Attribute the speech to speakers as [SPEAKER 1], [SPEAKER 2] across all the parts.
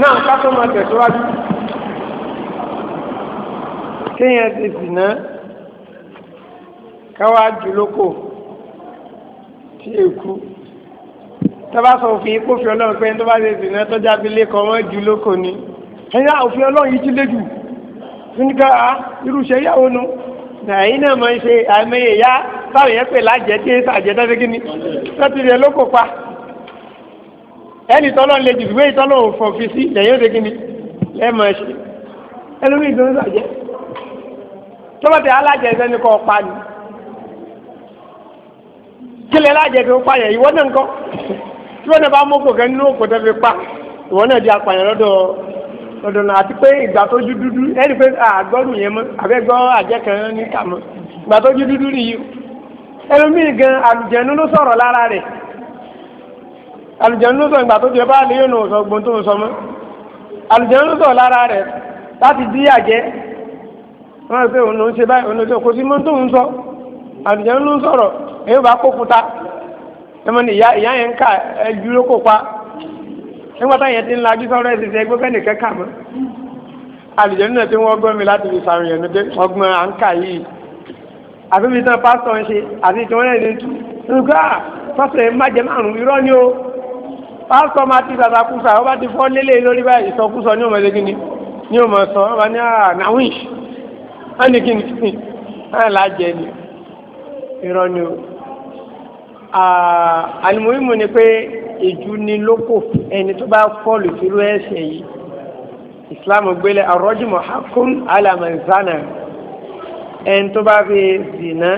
[SPEAKER 1] náà kátó máa tẹ̀síwájú kéèyàn ti dìná káwá jùlókò tí èkú tọ́ba sọ òfin ipò fi ọlọ́run pé tó bá ṣe dìná tọ́jà abilé kan wọ́n jùlókò ni ẹ̀yà òfin ọlọ́run yìí ti lé jù nígbà ah, irúṣẹ́ yàwó nu nàìjíríà náà máa ń ṣe àmì ìyá táwọn yẹn pè lájẹ́ tí èsà àjẹ́ tọ́sí kí ni rẹ̀ ló kópa ẹni tọ́lọ́ lè jù ìwé ìtọ́lọ́ òfò fi sí lẹ́yìn ó dégí ni ẹ máa ṣe ẹlòmíì tó ń sàjẹ́ tọ́bọ̀tẹ̀ alájẹ ẹni kọ́ pa ni kílẹ̀ alájẹ tó pa yẹ ìwọ náà ń kọ́ tí wọ́n náà bá mọ́kò kẹ́ nínú òkò tó fi pa ìwọ náà di apààyàn lọ́dọ̀ lọ́dọ̀ náà àti pé ìgbà tó ju dúdú ẹni pé àgbọ́rù yẹn mọ́ àbẹ́ gbọ́ àjẹ́ kan ní kà mọ́ ìgbà tó ju dúdú nìyí ẹlòmíì gan àlùjẹ̀nu ló sọ̀rọ̀ lára rẹ̀ àlùjẹ̀nu ló sọ ìgbà tó jẹ bá lè yóò nù sọ tó ń sọ mọ́ àlùjẹ̀nu sọ lára rẹ̀ láti dí àjẹ́ wọ́n rẹ̀ pé òun ló ń ṣe báyìí òun ló ṣe kò sí mọ́ tó ń sọ àlùjẹ̀nu ló èyí bá kó kuta ẹmọ ni ìyá ìyá yẹn ń kà ẹjú ló kó pa nígbà táyẹn ti ń lajú sọ̀rọ̀ ẹ̀ ṣiṣẹ́ ẹgbẹ́ fẹ́ni kẹ́kà mọ́ àlùjẹ̀nu náà tí wọ́n gbọ́n mi láti fi sàrìyàn àbí mi tán pásítọ̀ ń ṣe àti ìtàn ní tú nígbà pásítọ̀ yẹn má jẹ márùn-ún irọ́ ni o pásítọ̀ máa ti sàtàkùsà ó bá ti fọ́ lélé lórí báyìí ìsọkúsọ ní òmò ẹ̀dẹ́gìní ní òmò sọ ó bá ní àwìn ánìkìní náà lájẹ ni irọ́ ni o. àlùmọ́ìmù ni pé ìjú ni lóko ẹni tó bá fọ́ọ̀lù tìrú ẹ̀ṣẹ̀ yìí ìsìláàmù gbélé àrọ́jùmọ̀ hakun alàmọ̀ ẹni tó bá fi zìnà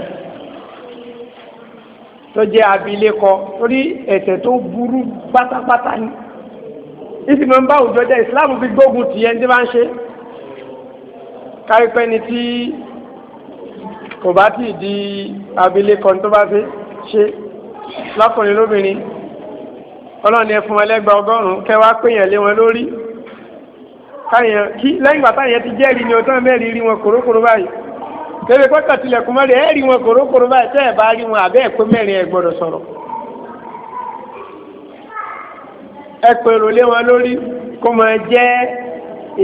[SPEAKER 1] tó jẹ́ abilékọ torí ẹ̀ṣẹ̀ tó burú pátápátá ni ìsìnkú bá òjò jẹ́ ìsìláàmù fi gbógun tì ẹni tí bá ń ṣe kárípẹ́ ni tí kò bá tí di abilékọ tó bá fi ṣe lọ́kùnrin lóbìnrin ọlọ́ni ẹfun ẹlẹ́gbà ọgọ́rùn-ún kẹwàá péyàn lé wọn lórí kí lẹ́yìn bàtà yẹn ti jẹ́rìí ni ọjọ́ mẹ́rin rí wọn kòrókòró báyìí tẹ̀lé pẹ́kà tilẹ̀kùn mọ́lẹ̀ ẹ̀ rí wọn kòrókòró báyìí tẹ́ ẹ̀ bá rí wọn àbẹ́ ẹ̀kọ́ mẹ́rin ẹ̀ gbọ́dọ̀ sọ̀rọ̀. ẹ pèrò lé wọn lórí kó máa jẹ́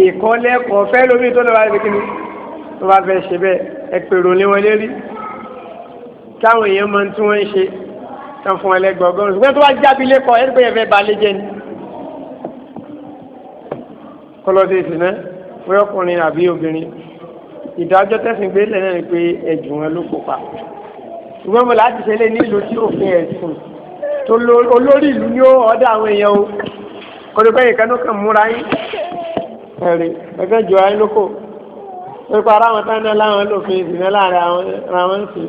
[SPEAKER 1] ìkọ́lẹ́kọ̀ọ́ fẹ́ lómi tó lọ́wọ́ àti kíni tó bá fẹ́ ṣe bẹ́ẹ̀ ẹ pèrò lé wọn lérí táwọn èèyàn máa ń tí wọ́n ń ṣe tán fún ẹlẹ́gbọ̀ọ́gọ́rùn ṣùgbọ́n tó wá jábí lẹ́kọ̀ọ́ ẹ̀ ẹ ni kọlọ́dé ìsìn ìdájọ́ tẹ̀sìn gbé lẹ́nu ni pé ẹ̀jù wọn ló kópa ṣùgbọ́n mo láti ṣe lé nílùú tí òfin ẹ̀sùn tó olórí ìlú ni ó ọ̀dọ̀ àwọn èèyàn o kọ́dọ̀pẹ́ ìkan ló kàn múra yín ẹ̀rẹ̀ ẹgbẹ́ jọ ayé lóko pípa ara wọn tán náà láwọn lòfin ìdìnnà láàrin àwọn ń sìn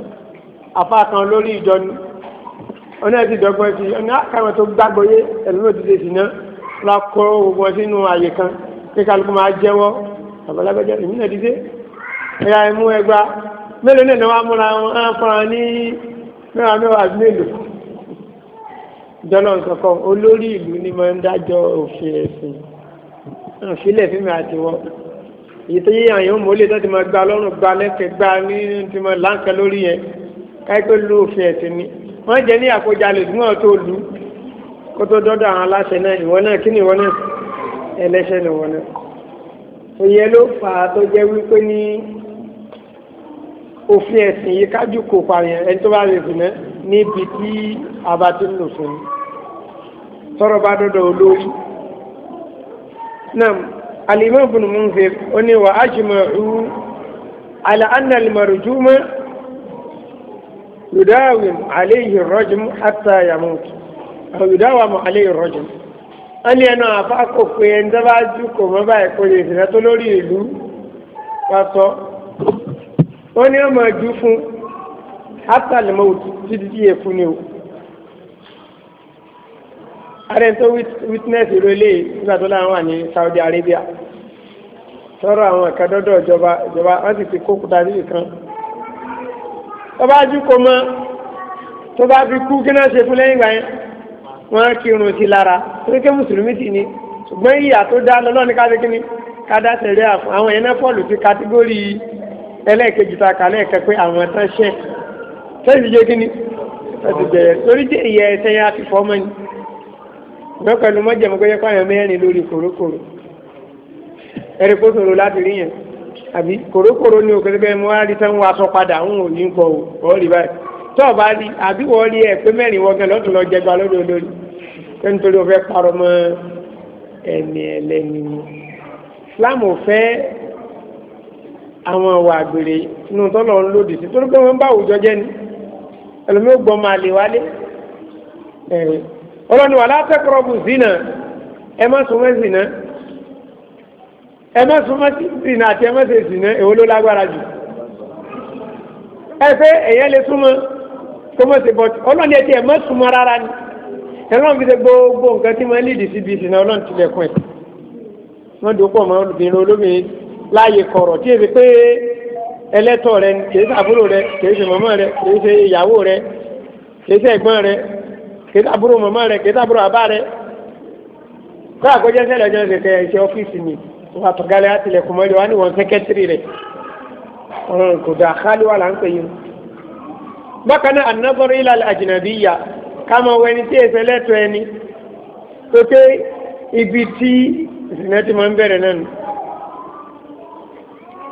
[SPEAKER 1] apá kan olórí ìjọ ni oní ẹ̀sìn ìdọ́gbọ́n sí ọ̀nà àkàwọn ah, tó gbàgbọ́ yé ẹ̀lúmọ̀ ti dé ìdìnnà lọ kó gbogbo sínú àyè kan kíkàlùkù máa jẹ́wọ́ àbálágbẹ́jẹ́ ìmúnà dídé ẹ̀yà ìmú ẹgbà mélòó náà wá múra wọn fúnra ní mẹ́wàá mẹ́wàá mélòó dọ́lọ́n kankan olórí ìlú ni mo ń dájọ́ òfin ẹ̀sìn ìfilẹ̀ fíìmù àti wọ́n èyí tó yíyan yóò mú tó ti máa gba lọ́rùn gba lẹ́sẹ̀ gba ní ti máa láǹkà lórí yẹn káyipẹ́ lu òfin ẹ̀sìn ni wọ́n jẹ́ ní àkójalè tí wọ́n tó lu kó tó dọ́dọ̀ àwọn aláṣẹ náà ìwọ náà kí ni ìwọ náà ẹlẹ́ṣẹ̀ ni ìwọ náà òye ló fà á tó jẹ́ wípé ní òfin ẹ̀sìn yìí kájú kò pààyàn ẹni tó bá lè dùnà níbi tí a bá ti ń lò fún un tọrọ bá dọdọ olórí náà alimọ ibn Munzir ó ní wà ajma'u ala anna al-marjuma yudawim alayhi ar-rajm hatta yamut àwọn yudawamu alayhi ar-rajm wọ́n ní ẹnu àfa kò pé ẹni tó bá jù kò mọ́ báyìí kò lè dùnà tó lórí ìlú wá sọ ó ní ọmọ ẹjú fún hátàlímọ́t títí tí èkú ni o ààrẹ tó witness ìró nígbà tó láwọn wà ní Saudi Arabia tọrọ àwọn ẹ̀ka dọ́dọ̀ ìjọba ìjọba wọ́n sì ti kó kúta sí ìkan tó bá jú kó mọ́ tó bá fi kú kí ṣe fún lẹ́yìn ìgbà yẹn wọ́n kírun sí lára torí mùsùlùmí sì ni ṣùgbọ́n ìyà tó dá lọ́nà ní káṣe kí ni ká dá sẹ̀rí àwọn ẹ̀yẹn náà fọ́ọ̀lù sí kátígórì ẹlẹ́ẹ̀kejì ta kàlẹ́ ẹ̀kẹ́ pé àwọn tán ṣẹ́ tẹ́sí jẹ́ kí ni tẹ́sí jẹ́ torí jẹ́ ìyẹ́ ẹsẹ̀ yá ti fọ́ mọ́ni mẹ́kànlú mọ́jẹ̀mú pé yẹ́kọ́ àyàn mẹ́rin lórí kòrókòrò ẹ̀rí kó sòrò láti rí yẹn àbí kòrókòrò ni òkè bẹ́ẹ̀ mú wárí tán wá sọ padà ń wò ní pọ̀ ò rí báyìí tọ́ bá rí àbí fẹ́ àwọn ìwà àgbèrè inú tọ́lọ̀ ń lòdì sí torí pé wọ́n bá àwùjọ jẹ́ ni ẹlòmí ò gbọ́n máa lè wálé ẹ̀rẹ̀ ọlọ́ni wà látẹ́kọ̀rọ̀ bù zina ẹ má súnmọ́ zina ẹ má súnmọ́ zina àti ẹ má ṣe zina èwo ló lágbára jù ẹ ẹ̀yẹ́ lè súnmọ́ kó mọ̀ sí bọ́tì ọlọ́ni ẹ ẹ má súnmọ́ rárá ni ẹlọ́run fi ṣe gbogbo nǹkan tí wọ́n lè dì síbi ìsìn náà ọlọ́run tilẹ̀kùn ẹ̀ wọ́n láàyè kọ̀rọ̀ tí èsì pé ẹlẹ́tọ̀ rẹ kìí sàbúrò rẹ kìí ṣe mọ̀mọ́ rẹ kìí ṣe ìyàwó rẹ kìí ṣe ẹ̀gbọ́n rẹ kìí sàbúrò mọ̀mọ́ rẹ kìí sàbúrò àbá rẹ kó àkójẹ́ sẹ́lẹ̀ ọjọ́ ṣe kẹ́ iṣẹ́ ọ́fíìsì mi wà tọ̀gálẹ̀ àtìlẹ̀kùn mọ́lẹ̀ wà ní wọn sẹ́kẹ́tìrì rẹ̀ ọ̀rọ̀ kò dà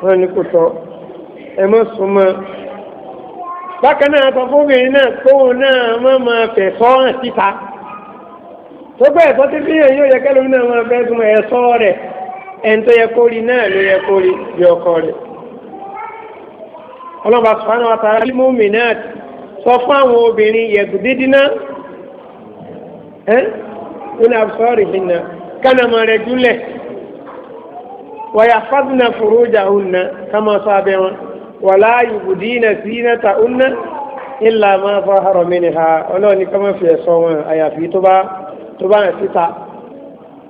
[SPEAKER 1] wọ́n ní kò tọ́ ẹ mọ́ súnmọ́ bákan náà sọ fóbìnrin náà kóhùn náà mọ́ máa fẹ̀ sọ́ hàn síta tó gbé ẹ̀sọ́ tí bí èyí ò yẹ kẹ́lómi náà máa fẹ́ súnmọ́ ẹ̀sọ́ rẹ̀ ẹni tó yẹ kórì náà ló yẹ kórì bí ọkọ rẹ̀ ọlọ́ba sùfánà wa tààrà lé sọ fún àwọn obìnrin yẹ̀gùdídínà ẹ́ ní àbùsọ̀rì hinna kánà rẹ̀ júlẹ̀ wàyà fadùnà fòrójà ònà kama sọ abẹ́ wọn wàlá yubudina zinata ònà ìlà máa fọ́ àrọ̀ mi nìha ọlọ́run ní kama fi ẹ̀sọ́ wọn àyàfi tó bá tó bá hàn síta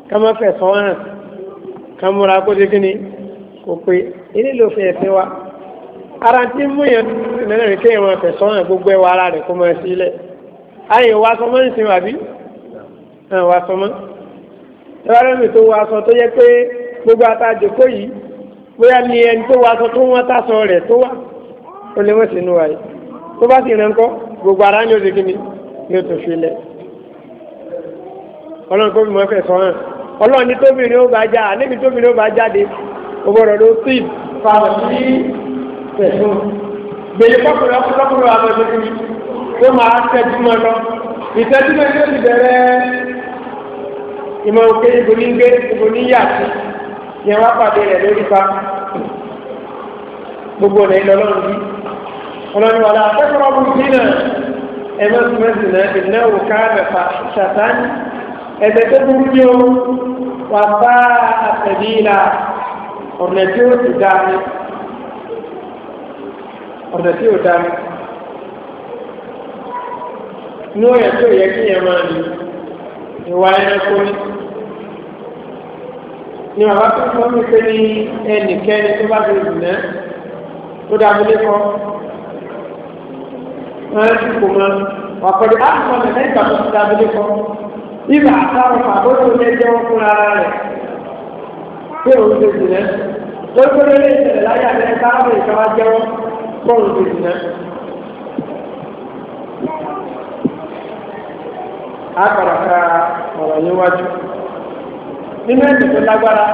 [SPEAKER 1] kama fẹ̀ sọ́ wọn hàn kamura kó ti kíni kò pé ilé ló fi ẹ̀sìn wa ara tí mú yẹn nínú rẹ̀ kéèyàn máa fẹ̀ sọ́ hàn wa sọmọ ń wa sọmọ ẹ wá lómi tó wa sọ tó yẹ pé. gbogbo àtàjòkó yìí bóyá ní ẹni tó wá aṣọ tó wọ́n sọ rẹ̀ tó wá ó lè mọ̀ sínú wa yìí tó gbogbo ara ní oṣù kìíní ní oṣù filẹ̀ ọlọ́run kó fi sọ hàn ọlọ́run ní tóbìnrin ó bá já níbi tóbìnrin ó bá jáde ló sí gbèlè kọkùnrin ọkùnrin yẹn wá pàdé rẹ̀ lórí pa gbogbo rẹ̀ lọ́lọ́run bí ọlọ́run wà láà tẹ́kọ̀ọ́ bú sí náà ẹ̀mọ́ sí mẹ́sì náà ìnáwó káàmẹ̀fà ṣàtàn ẹ̀bẹ̀ tó burú ní o wà bá àtẹ̀lé ìlà ọ̀nà tí ó ti dá mi ọ̀nà tí ó dá mi ní ọ̀yà tí ó yẹ kí yẹn máa ní ìwà ẹranko ní ni bàbá tó sọ mí pé ní ẹnikẹ́ni tó bá ti rìn náà tó dá abúlé kọ́ wọ́n ti kò mọ́ ọ̀pọ̀lọpọ̀ àtúntò ní ẹ̀ka tó ti dá abúlé kọ́ ibà àtàwọn àbójú ilé jẹ́wọ́ fún ara rẹ̀ pé òun ti rìn náà lókòrò lè ṣẹlẹ̀ láyé àti ẹ̀ka àbẹ̀ ìjọba jẹ́wọ́ fóun ti rìn náà. a kàràkà ọ̀rọ̀ yíwájú nínú ẹ̀sìn tó lágbára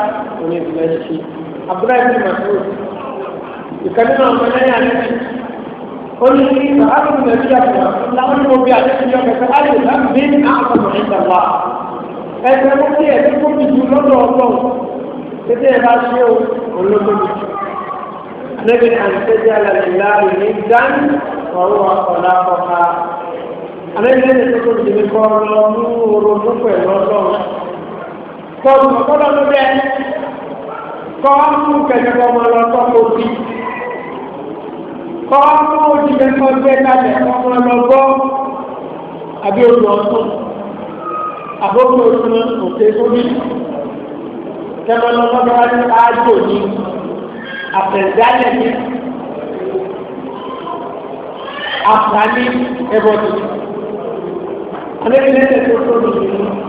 [SPEAKER 1] òun ètò ẹ̀ ṣe àbúrò ẹ̀sìn màtó ìkànnì náà ọmọ lẹ́yìn alẹ́ ó ní kí àbúrò ẹ̀sìn bí àbúrò láwọn ní mo bí alẹ́ ti yọ kẹfẹ́ alẹ́ láti bí àkọ́kọ́ ẹ̀sìn àwa ẹgbẹ́ mo bí ẹ̀sìn tó bí ju lọ́dọ̀ ọgbọ́n tètè ẹ̀ bá ṣe o olóko mi níbi àǹtẹ̀jẹ́ alẹ́ ìlànà ní dán ọ̀rọ̀ ọ̀la kọ̀ọ̀ka ní ẹ̀sìn tó bí kọ́ lọ mú orogún kọ́ ọ̀tọ́lọ́ ló bẹ́ẹ̀ kọ́ ọ́nù kẹ̀kẹ́ ọmọ lọ tọ́kọ sí kọ́ ọ́nù òjìlẹ̀ kọ́ gbé kalẹ̀ ọmọ lọ gbọ́ àbí oṣù ọ̀tún àbókù oṣù òkè sóbì kẹ́kọ̀ọ́ lọ́kọ́ bá ní ájò ní àtẹ̀dálẹ̀ ní àfààní ẹ̀bọ̀dì. Alẹ́ ilé tẹ̀sán tó lò nínú.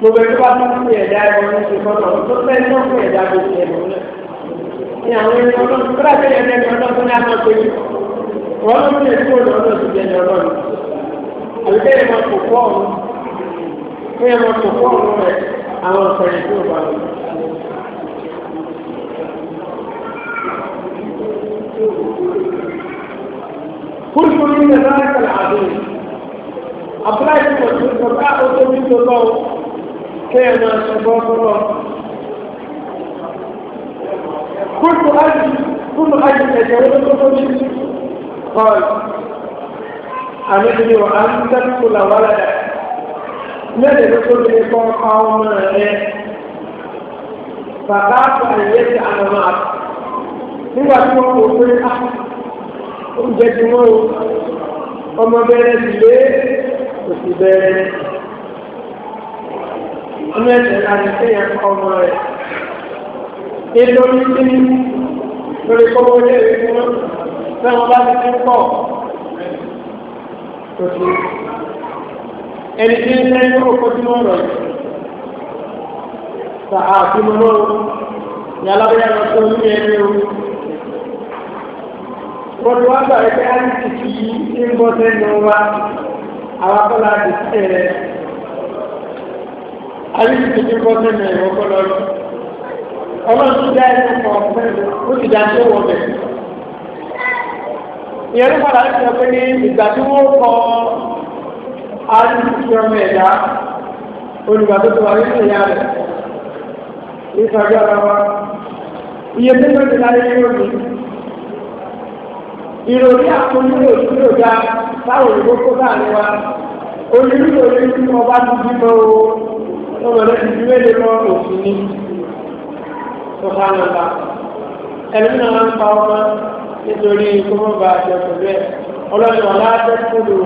[SPEAKER 1] gbogbo ẹni bá tún fún ẹ̀dá ẹ̀rọ ní ṣe fọ́tọ̀ tó fẹ́ ní ọ̀fún ẹ̀dá tó ṣe ẹ̀rọ náà. ní àwọn ẹni ọlọ́run tó bá tẹ̀lé ẹni ọlọ́run tó ní àná péjú wọ́n ló ń lè tó ọ̀dọ̀ ọ̀dọ̀ tó jẹ́ni ọlọ́run. àbíkẹ́ ẹ̀rọ kò fọ́ ọ̀run kí ẹ̀rọ kò fọ́ ọ̀run rẹ̀ àwọn ọ̀sẹ̀rẹ̀ tó bá lọ. kúrú ní ẹ̀rọ ẹ̀kọ́ àbúrò àbúrò àti ìwọ̀n tó ń sọ kéèyàn máa sọ bọ́ọ̀bọ́ọ̀
[SPEAKER 2] kúrò ájì kúrò ájì ẹ̀jẹ̀
[SPEAKER 1] olókòókò ní kọ́ọ̀lù àmìlẹ̀ wà á ń tẹ́kù làwárà dà mẹ́rin ló tó lè kọ́ ọmọ rẹ̀ bàbá àpàyẹ ti àmàmà nígbà tí wọ́n kò pé á ah, oúnjẹ ti wọ́n o ọmọ bẹ̀rẹ̀ sì lé kò sì bẹ̀rẹ̀ inú ẹ̀sẹ̀ àti kéèyàn kọ́ ọmọ rẹ̀ ètò oníṣẹ́ ní lórí kọ́kọ́ ilé ìwé fún wọn fẹ́ wọn bá ti ti ń pọ̀ tó ti ẹni tí ń sẹ́yìn ní òkú tí wọ́n rọ̀ yìí sàá àti mọ́nà ní alábẹ́yà lọ sí orí ẹni àríkìtì tí bọ́ sínú ẹ̀rọ kọ́lọ́ lọ ọlọ́run ti dá ẹni kọ̀ ọ̀pẹ́ ó ti dá tó wọ̀ bẹ̀. ìyẹn ló padà ń sọ pé ní ìgbà tí wọ́n kọ àríkìtì ọmọ ẹ̀dá olùgbà tó ti wà nínú ìyá rẹ̀ ìsọ̀rí ọ̀rọ̀ wa iye tó tó ti láyé lónìí ìròyìn àkójúlò ìṣúlò ga táwọn òyìnbó kó sáà ní wa onírúurú orí tí wọ́n bá ti tó mọ̀ lẹ́sìn tí wéde mọ́ òfin ní tó bá lọ bá ẹni náà máa ń pa ọmọ nítorí kó mọ́ bá àjọ pẹ̀lú ẹ̀ ọlọ́dún wọn láti kúrò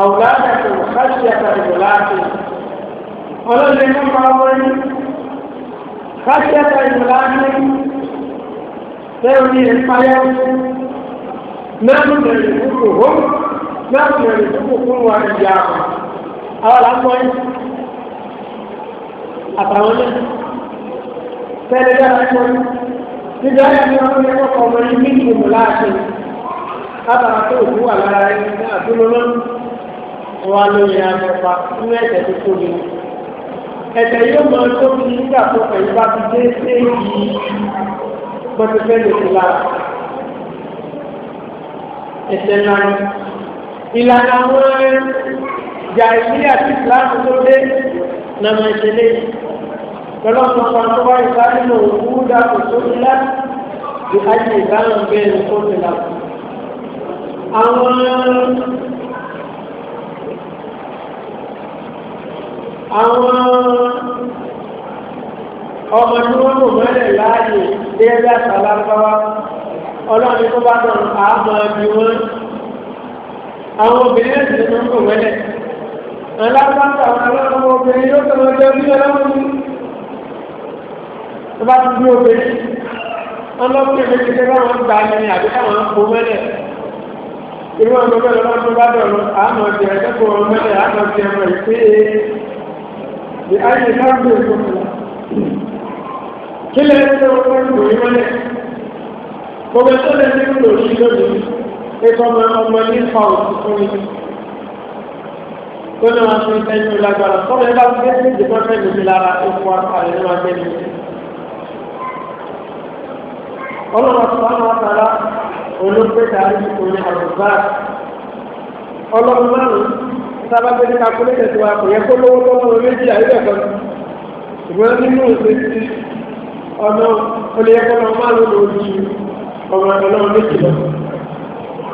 [SPEAKER 1] àwùlá àtàkùn káṣí àtàkùn láti ọlọ́dún mọ́ pa ọmọ ní káṣí àtàkùn láti fẹ́ẹ̀rí ìpáyà mẹ́rin mẹ́rin àtàwọn náà fẹ́lẹ́ dára tó níbi ayé ni wọ́n ní ọkọ̀ ọmọ yìí ní ìgbìmọ̀ láàṣẹ látara tó òkú wà lára ẹni ní àdúrólọ́ wọn lóye àgbẹ̀fà nínú ẹ̀jẹ̀ tó tóbi ẹ̀jẹ̀ yóò mọ tó fi nígbà tó pẹ̀lú bá ti dé sí èyí gbọ́dọ̀fẹ́ lè fi lára ẹ̀jẹ̀ náà ìlànà àwọn ẹ̀jẹ̀ àìsí àti ìsìlámù tó dé nàmọ̀ ìṣẹ̀lẹ̀ yìí. فلما فرقوا يقال وجودا وسئلا بأجل ذنب بين كل àwọn àwọn ọmọ tí wọ́n mọ̀ mọ́lẹ̀ láàyè déédé àtàlágbáwá ọlọ́run tó bá dàn àmọ́ bí wọ́n àwọn obìnrin ẹ̀sìn tó mọ̀ mọ́lẹ̀ alágbàtà àwọn ọmọ obìnrin yóò tọ́lọ́jọ́ bí ọlọ́run tó bá ti bí obe ọlọ́pẹ́ ìgbésẹ̀ bá wọn gbà ní àbí káwọn kó mẹ́lẹ̀ irú ọmọ mẹ́lẹ̀ lọ́wọ́ tó bá dọ̀rọ̀ àmọ́ ti ẹ̀kẹ́kọ̀ọ́ ọmọ mẹ́lẹ̀ àmọ́ ti ẹ̀mọ́ ìpé ní ayé lágbó ìgbòkùn kí lẹ́yìn tó wọ́n ń gbòrí mẹ́lẹ̀ gbogbo tó lè ní ìlò sí lónìí ẹ̀kọ́ ọmọ ní fa òkú fún mi tó ní wọn fi ń tẹ́jú lágbára tọ́lẹ̀ bá gbé ní ìdìbọn fẹ́ẹ́ ọlọ́run sọ́nà ọ̀tara olóńgbèta orí àbùbá ọlọ́run márùn-ún sábà gbé ní kakulétẹ̀ tó wa kò yẹ kó lówó tó mú méjì àyẹ̀kọ́ ìwé nínú ìṣesí ọ̀nà olùyẹ̀kọ́ náà márùn-ún lòdì ọmọ ọlọ́run méjì lọ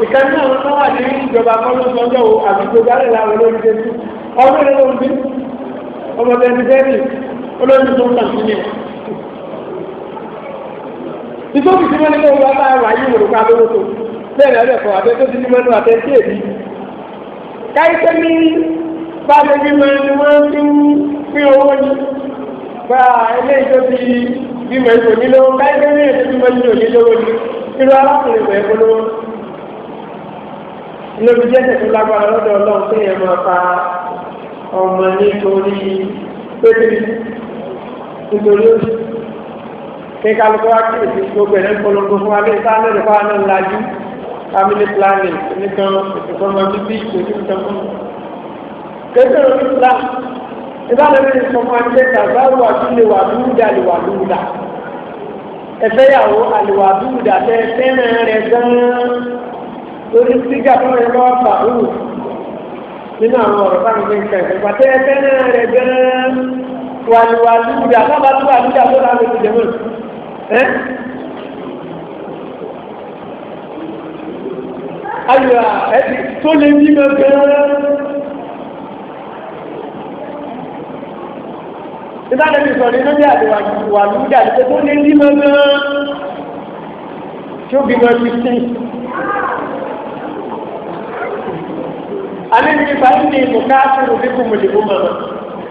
[SPEAKER 1] ìkan náà ló wà ní ìjọba kọ́lọ́sọ́jọ́ wo àbíkó dálẹ̀ láwọn olórí jésù ọmọ ìrẹ́lẹ́ òbí ọmọ bẹ́ẹ̀ ni ìtòkì tí wọ́n ní kó wọ́n bá wà yí òrùka lówó tó bẹ́ẹ̀ lọ́dẹ̀ kan àbẹ́ tó ti ní mẹ́nu àbẹ́ tí èmi. káyíṣẹ́ ní báyọ̀ bímọ ni wọ́n ti ń pín owó ni gba ilé ìjọ ti bímọ ìlú onílówó káyíṣẹ́ ní èdè bímọ ìlú onílówó ni irú alákùnrin ìwẹ̀ ìpolówó. lóbi jẹ́ tẹ̀sí lágbára lọ́dọ̀ ọlọ́run tó yẹ máa pa ọmọ nítorí pété nítorí oṣù kíkà lóko wá kí èsì gbogbo ẹ̀ polongo fún wa bí sáà lórí fáwọn náà lajú family planning nìkan ìfọmọ bíbí ìṣòwò nìkan fún mi. kékeré ní islam ìbáraẹni ìfọmọ ẹgbẹ́ kàzáwù àtúndéwà dúdà lèwà dúdà ẹfẹ́yàwó àlèwà dúdà tẹ fẹ́ràn rẹ gan-an lórí sígà tó rẹ lọ́wọ́ fàáhù nínú àwọn ọ̀rọ̀ táwọn fi ń kẹ́ ẹ̀fẹ́ pàtẹ́ fẹ́ràn rẹ gan-an wàlúwàlúdà sábà tó wàlúdà tó rà lóṣù jẹ́mọ̀ọ́ ẹ́ ayọ̀ ẹ̀dì tó lè ní mẹ́gbẹ̀rẹ́ ìbáraẹni sọ̀rọ̀ iná bí àdìwà wà lúdà tó tó lè ní mẹ́gbẹ̀rẹ́ tí ó bí mọ́ fífín
[SPEAKER 2] alẹ́ ní ìfàyín ní ìmùká fún
[SPEAKER 1] òbí kùmùlì kùmùlì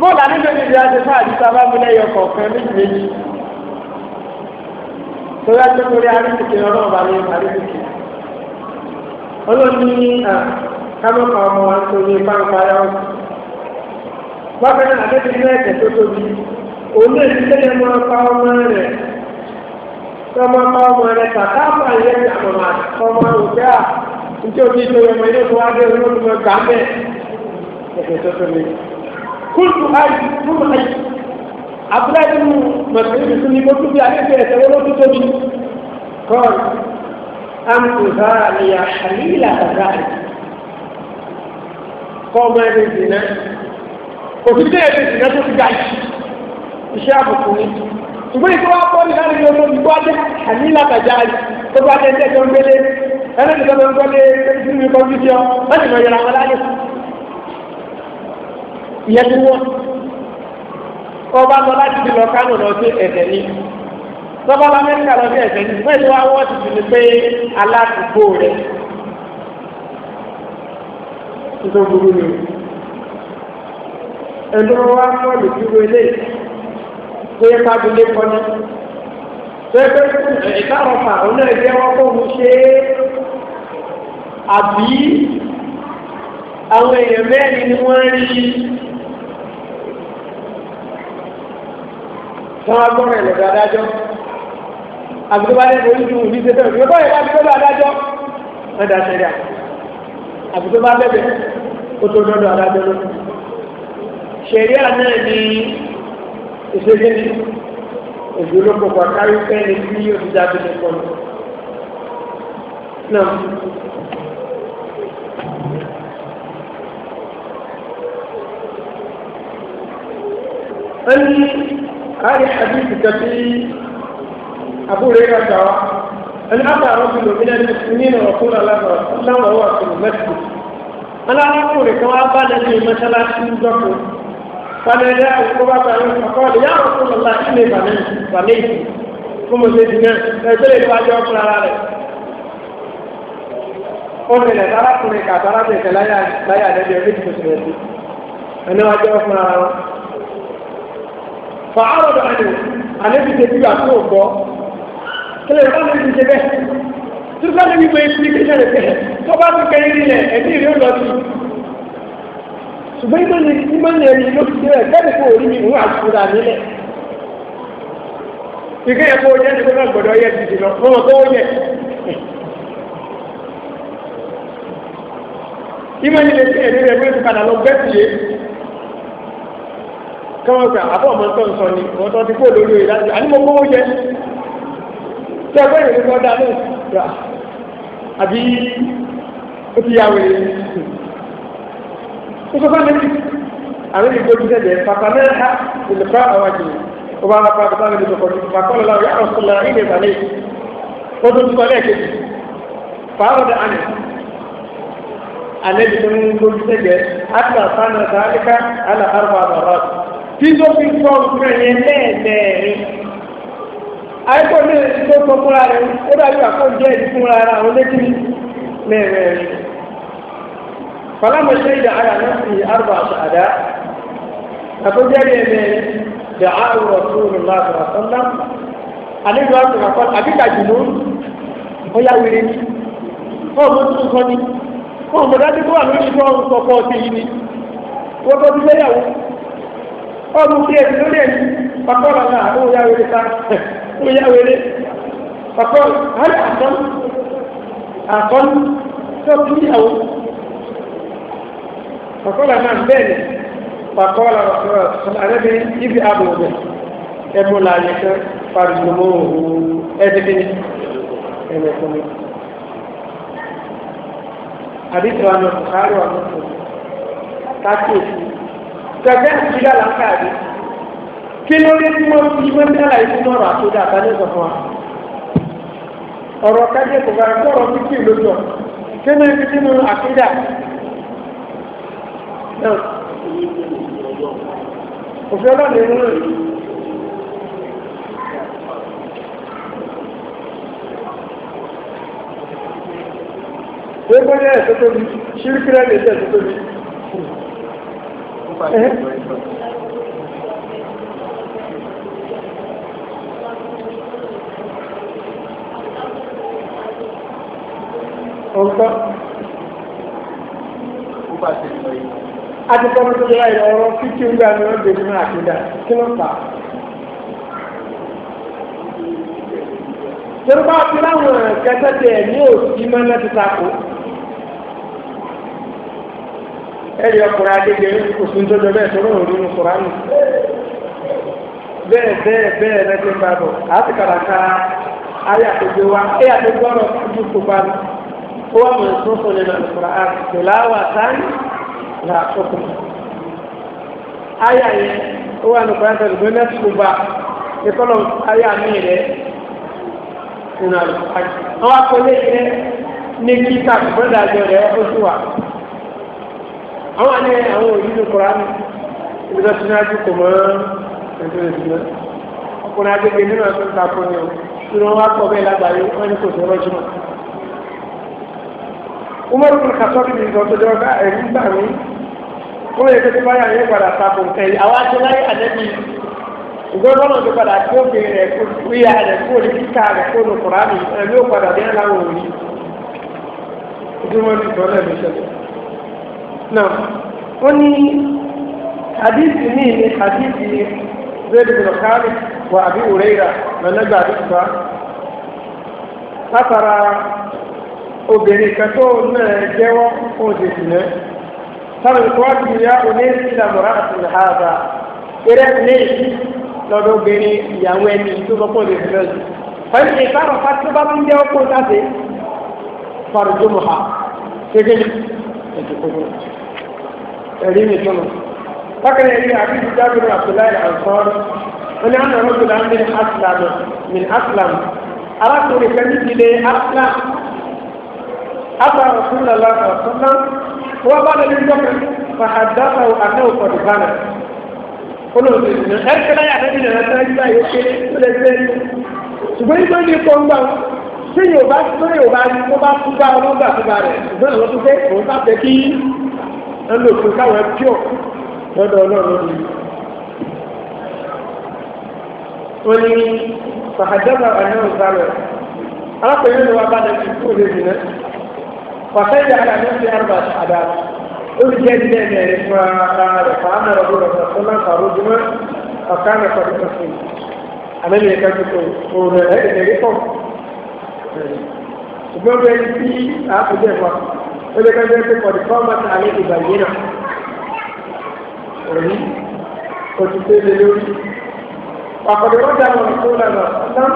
[SPEAKER 1] bóòlù àníjọ́ ní ìdí ajé fún àdìsá bá mi lẹ́yọ kọ̀ọ̀kan méjì méjì tó yá tó torí arísìkì ọlọ́run bá lóyún arísìkì olóòní kámẹ́kọ̀ ọmọ wa torí páńpá yọ bákan náà àdébí ní ẹ̀kẹ́ tó tóbi òun náà ti tẹ́lẹ̀ mọ́ ọkọ ọmọ rẹ̀ tó ọmọ ọkọ ọmọ rẹ̀ kàkà fà yẹ kí àmọ̀mọ̀ ọmọ òkè à nítorí tó yẹ kúlù ayé kúlù ayé abúlé nínú mọ̀tẹ́lì tó ní gbogbo bí ayé bẹ̀rẹ̀ tẹ́wọ́ ló tó tóbi kọ́ọ̀n amúhà àlìyà àlìyà bàbá rẹ̀ kọ́ ọmọ ẹni dìnnà òfin tẹ́lẹ̀ ti dìnnà tó ti ga yìí iṣẹ́ àbùkù ni ṣùgbọ́n ìfowó akọ́ni láti ní ọdún ìgbọ́ adé àlìyà bàjá yìí tó bá tẹ́ ẹ̀jẹ̀ tó ń gbélé ẹni tó ń gbélé ẹni tó ń gbélé ẹni tó ń gbélé ìyẹn ti wọ́n ọba lọ láti fi lọ kánò lọ sí ẹ̀sẹ̀ ní lọ́ba lọ mẹ́ríkà lọ sí ẹ̀sẹ̀ ní pẹ̀lú àwọn ti fi ni pé aládùúgbò rẹ̀ tó burú ni ẹnu wa mọ olùdúró ilé tó yẹ fábílé kọ́ni tó yẹ pé ìtàrọ̀fà òun náà yẹ wọ́n kó òun ṣe é àbí àwọn èèyàn mẹ́rin ni wọ́n rí i. wọn á gbọ́rọ̀ ẹ̀lọ́dọ̀ adájọ́ àbúrò bá dé lórí ju ní sẹ́fẹ̀ òní bọ́ọ̀ ìbá dúró adájọ́ wọn dà sẹ́dà àbúrò bá bẹ̀bẹ̀ ó tó dọ́dọ̀ adájọ́ lọ. ṣẹ̀ríà náà ni ìṣèlú ni òjò ló kọ̀kọ̀ kárí fẹ́ni tí yóò ti dábì ní pọ̀ náà. Ẹni هذه حديث كثير أبو هريرة دعوة أن أتى رجل من المسلمين رسول الله صلى الله عليه وسلم وهو في المسجد أنا أقول كما أبان لي مثلا سنزكو قال يا أبوبة فقال يا رسول الله إني بنيت بنيت ثم سيدنا فيبلغ بعد يوم على ọmọ ilẹ̀ sára kùnrin kàtàrà bẹ̀rẹ̀ láyà lẹ́bi ọdún tó ṣẹlẹ̀ sí ẹni wájú fa àròdọ̀ àdìwò àlébí ṣe bí àti ògbọ́ kílẹ̀ ìfọ́ ní ti ṣe bẹ́ẹ̀ tó sọ ní wípé implication rẹ̀ bẹ́ẹ̀ tó bá ti kẹrin nílẹ̀ ẹ̀mí ìrìn ó lọ sí ṣùgbọ́n ìmọ̀ ní ìmọ̀ ní ẹni ló ti rẹ̀ bẹ́ẹ̀ kó orí mi wà fúra nílẹ̀ ìkẹ́ ẹ̀kọ́ oyè ẹni tó náà gbọ́dọ̀ yẹ ti dì lọ wọ́n mọ̀ kó oyè ìmọ̀ ní ẹni rẹ̀ bẹ́ẹ̀ ti padà lọ bẹ́ẹ̀ káwọn gbà àbọ̀ ọmọ tó ń sọ ni wọ́n tó ti kó lórí rẹ̀ láti ànímọ̀ kówó jẹ tí ẹgbẹ́ ìrìn kan dá lóhùn gbà àbí ó ti yàwé ó sọ fáwọn méjì àwọn èdè tó ti dẹ̀ pàpà náà ha olùkọ́ àwọn àjò ó bá wà pàpà náà lè sọ̀kọ̀ ní pàpà lọ́la ọ̀yà ọ̀sọ̀lá ilẹ̀ ìbàlẹ̀ ó tó ti sọ lẹ́ẹ̀kejì fàáwọ̀ dẹ̀ àná àlẹ́ ìdí tó ń gbójú tẹ́gẹ̀ẹ́ àtàkùn àtàkùn àlẹ́ àrùbá àbàrà tí tó fi kọ́ nǹkan yẹn lẹ́ẹ̀mẹ́rin àìkọ́ ní tó sọ fúnra rẹ̀ ó dàbí àkójọ ìdí fúnra ara àwọn létí lẹ́ẹ̀mẹ́rin falamọ̀ ìdá ara náà fi àrùbà àṣàdá àkójọ lẹ́ẹ̀mẹ́rin da ọmọ tó ọmọ fi ẹ̀sìn lórí ẹ̀sìn pàtọ́lá náà ó yá wẹ̀rẹ̀ ta ó yá wẹ̀rẹ̀ pàtọ́ hálẹ̀ àtọ́n àtọ́n tó kú níyàwó pàtọ́lá náà bẹ́ẹ̀ pàtọ́lá àrẹ́bí ibi àbòbẹ̀ ẹ̀mú làyẹ̀ kan pàrùsùmọ́ ẹ̀dẹ́gbẹ̀ ẹ̀mẹ̀kùnmi àdìsọ́ àmọ̀ gàgá àtijọ́ àlàkà rí kí ló dé tí wọ́n fi wọ́n ní àlàyé nínú ọ̀rọ̀ àtúndà àbájọ́ sọ fún wa ọ̀rọ̀ kájẹ́ kò gbára kọ́ ọ̀rọ̀ títí ìlú jọ kí ló dé nínú àtúndà náà
[SPEAKER 2] òfin ọlọ́dẹ nínú rẹ̀
[SPEAKER 1] Gbogbo ní ẹ̀sọ́ tóbi, ṣírí kírẹ́lì ẹ̀sọ́ tóbi ọ̀pọ̀ àtìkọ́ tó yá ìrọ̀rọ̀ fíkí ń gbà ní wọ́n dè nínú àkídà kí ló fà á.
[SPEAKER 2] Yorùbá ti láwọn
[SPEAKER 1] kẹsẹ̀ tẹ̀ ní òsì mọ́ láti takò ẹ̀rí ọkùnrin agbègbè òfin tó jọ bẹ́ẹ̀ tó rọrùn nínú kùránù bẹ́ẹ̀ bẹ́ẹ̀ bẹ́ẹ̀ lẹ́sẹ̀ ń bá bọ̀ àti kàràkà ayé àtẹ̀gbẹ́ wa ẹ̀yà tó gbọ́rọ̀ ojú kò bá mi ó wà mọ̀ ẹ̀sùn fún nínú àlùkùrá àtẹ̀lá wà sáyé là àkókò ayé ayé ó wà lùkùrá àtẹ̀lùgbẹ́ mẹ́sì kò bá ìkọlọ̀ ayé àmì rẹ̀ nínú àlùkùrá àwọn akọlé yẹn ní àwọn àni àwọn òyìnbó kọ́ra ní ibi tó tún ájú kò mọ́ ẹgbẹ́ ìdílé ọkùnrin agbègbè nínú ẹ̀sùn ìtàkùn ni ó tí wọ́n wá kọ́ bẹ́ẹ̀ lágbàáyé wọ́n ní kò sí ọlọ́jọ́ náà. umar bin kasọ́ọ̀bì ní ìgbà tó dọ́gba ẹ̀rí gbà mí wọ́n yẹ kẹ́kẹ́ báyà yẹn padà sàkó nǹkan yìí àwọn aṣọ láyé àdẹ́bí ìgbọ́dọ̀ náà ti padà tí ó bèèrè rẹ̀ kó ìyá rẹ̀ kó ní kíkà rẹ̀ kó ní kùránì ẹ̀mí ó padà bí ẹ̀ láwọn òní. ní ìtọ́lẹ̀ mi náà wọ́n ní hadithi ní ilé hadithi zaid bin khalid wa abi ureira na nagba àdúgbà látara obìnrin kan tó náà jẹ́wọ́ fún òjèjì náà sábà ní kọ́wá ti yá oní ìlà mọ̀rá àti ìhàdà eré ní lọ́dọ̀ obìnrin ìyàwó ẹni tó sọ fún òjèjì náà yìí. fẹ́ẹ́ ní ìkárọ̀ fásitì bá ń jẹ́wọ́ fún òjèjì farjumuha.
[SPEAKER 2] Ṣé kí ni? Ẹ̀jẹ̀ kọ́kọ́ ẹ̀rí mi tó nù
[SPEAKER 1] bákan ẹ̀rí àbíjú jábìrì àbúláì àǹsọ́rì ó ní àná rọ́gbìlá min aslam min aslam arákùnrin kan ní ìdílé aslam aslam fún lọ́lá ọ̀túnlá wọ́n bá lórí jọ́kẹ́ fàhàdáfà àná òkòdì bánà olóòtú ìdùnnú ẹ̀ríkẹ́lá yà lẹ́bi nà ẹ̀ta ẹ̀gbá yóò kéré ṣùgbọ́n ìgbọ́n ní kọ́ ń gbà tí yóò bá tó yóò bá tó bá fúgbà ọlọ́gbà fúgbà rẹ̀ ṣùgbọ́n àwọn tó òun bá fẹ́ kí ẹlòpin káwọn pure lọ́dọ̀ ọlọ́run ni ó ní fàhàdẹ́bà àná ìsàlẹ̀ alákòóyè ni wàá bá lè fi kúrò lè dìnnà fàfẹ́ yà á ní fi àrùbà àdá ó fi jẹ́ ìdílé ẹ̀rẹ́ fún ara rẹ̀ fàánà ọdún rẹ̀ fún náà fàró jùmọ́ ọ̀kan rẹ̀ fọdún kan fún àmì ó lè kájọ pé kọ̀dí fọ́ọ̀mọ́tì alẹ́ ìgbà yìí náà òní kò ti pé lé lórí pàkọ̀dé wọ́n dá wọn tó lọ́nà ọ̀sán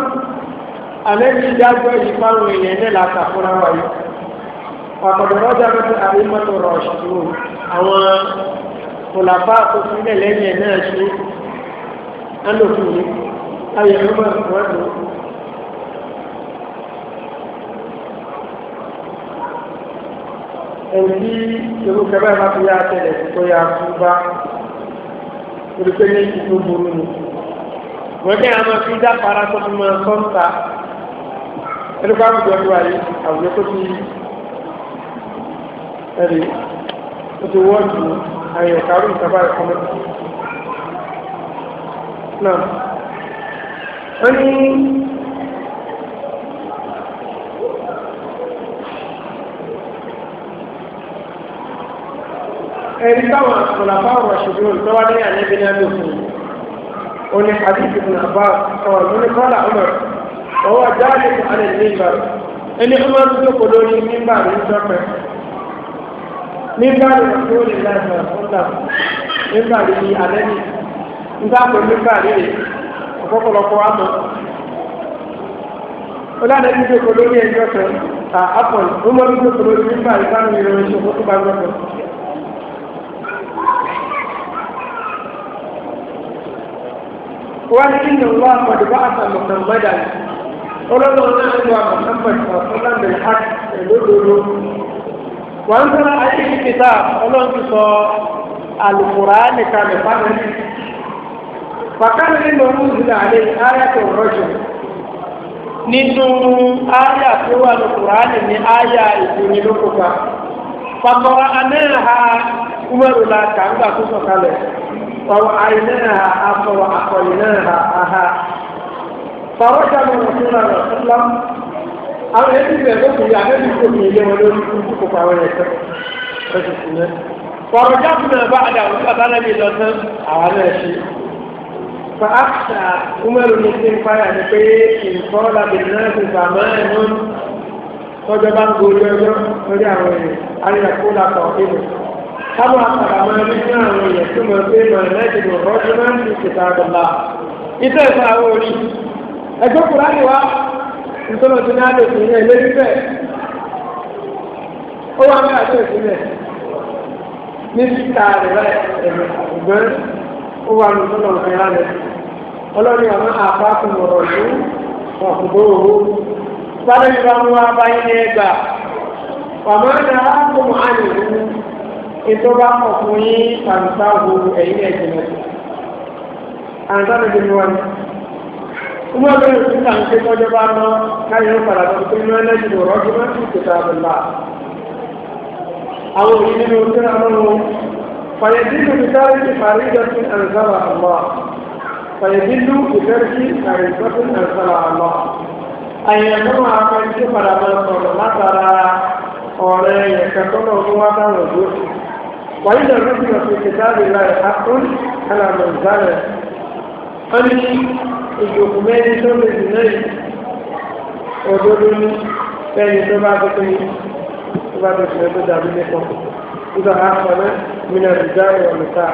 [SPEAKER 1] alẹ́ ní ìdájọ́ yìí fáwọn èèyàn ní làákà fúnra wa yìí pàkọ̀dé wọ́n dá wọn tó àrí mọ́tò rọ̀ ṣùgbọ́n àwọn kòlàfà tó fi lẹ́yìn ẹ̀ náà ṣe á lòfin yìí ayẹyẹ mọ́ ìfọwọ́dún ẹ̀mí ìlú kẹfẹ́ máa fi yá tẹ̀lẹ̀ tó yá fún bá torí pé ní ìlú burú ni wọ́n kí àwọn fi dá para tó fi máa sọ́ ń ta ẹni bá wùdọ̀ ní wáyé àwùjọ tó fi ẹ̀rí tó ti wọ́n ju àyẹ̀ kárù ìtàbá ẹ̀kọ́ mẹ́ta náà wọ́n ní ẹ̀rí táwọn àkọlàfà ọ̀rọ̀ ṣùgbọ́n tó wá ní àlẹ́bí ní àdókùn oní àdìsí fún àbá ọ̀rọ̀ lórí kọ́là ọmọ ọwọ́ jáde fún nígbà ẹni ọmọ tó jókòó lórí nígbà rí sọ́pẹ́ nígbà rí tó lè láìpẹ́ ọ̀dà nígbà rí alẹ́bí nígbà nígbà rí ọ̀pọ̀pọ̀lọpọ̀ àmọ́ ọlọ́dẹ tó wọ́n ní ní wọ́n àpàdé bá àtà mọ̀kànmọ́dà ọlọ́run náà ń wà mọ̀kànmọ́dà ọ̀sán bẹ̀rẹ̀ hàk ẹ̀lódòdó wọ́n tún ayé ìkìtà ọlọ́run ti sọ alùpùrà nìkan nìkan fàkàrà nínú ọmọdé àlẹ́ ayé tó rọ́jò nínú ayé tó wà lùpùrà ní ayé ìdúnilókòkà fàkọrọ anáà ha umaru la kàńgbà tó sọ̀kalẹ̀ فوعيناها فوعقيناها أها فرجعوا رسول الله صلى الله عليه وسلم أو يجب أن يكون يعني يكون يوم اليوم يكون كفاوة فرجعنا بعد أبانا بلوتن أوانا شيء فأخشى عمر المسلم فيا نبي إن قال بالناس زمان فجبان قولوا يوم فجعوا أن يقول طائفة káwọn apàdà máa ní ní àwọn èèyàn tó máa gbé máa láti lò rọ́jú máa ń fi kìtà àgbàlá iṣẹ́ ìfẹ́ àwọn orí ẹgbẹ́ kùránì wa nítorí ọdún ní àdè ìpínlẹ̀ ìlérí bẹ́ẹ̀ ó wà ní àdè ìpínlẹ̀ ní títà rẹ̀ rẹ̀ ẹ̀gbọ́n ó wà ní ìpínlẹ̀ ọ̀gbìn rẹ̀ ọlọ́ni àwọn àpapọ̀ ọ̀rọ̀ yìí wọ́n kò bó owó sáré ìbámu wa báyìí ní ẹgbàá wàmọ́ ní arákùnrin àná ètò bá pọ̀ fún yín àǹtá wo ẹ̀yìn ẹ̀jìnlẹ̀ àǹtá mi di wọn. Wọ́n bá bẹ̀rẹ̀ sí ìtàn pé tọ́jú bá ná káyọ̀ padà tó pé ní ẹlẹ́jì ló rọ́jú máa ń fi ìtòta àbẹ̀là. Àwọn òní nínú ojú náà lọ́wọ́. Fàyẹ̀dínlù ìtàrí ti parí ìjọsìn àǹsára àmọ́. Fàyẹ̀dínlù ìtàrí ti parí ìjọsìn àǹsára àmọ́. Àyẹ̀mọ́ máa fẹ́ tí padà máa sọ̀rọ̀ látara ọ̀rẹ́ ẹ̀yẹ̀kẹ́ tọ́lọ̀ tó wá وإن الرجل في كتاب الله حق على من ظلم أني ìjòkùnmẹ́ni tó lè dì náà òdodo ní ẹni tó bá tuntun ní tó bá tuntun tó dàbí lẹ́kọ̀ọ́ nígbà àkọ́nà mìíràn ìdáwò ọ̀nùká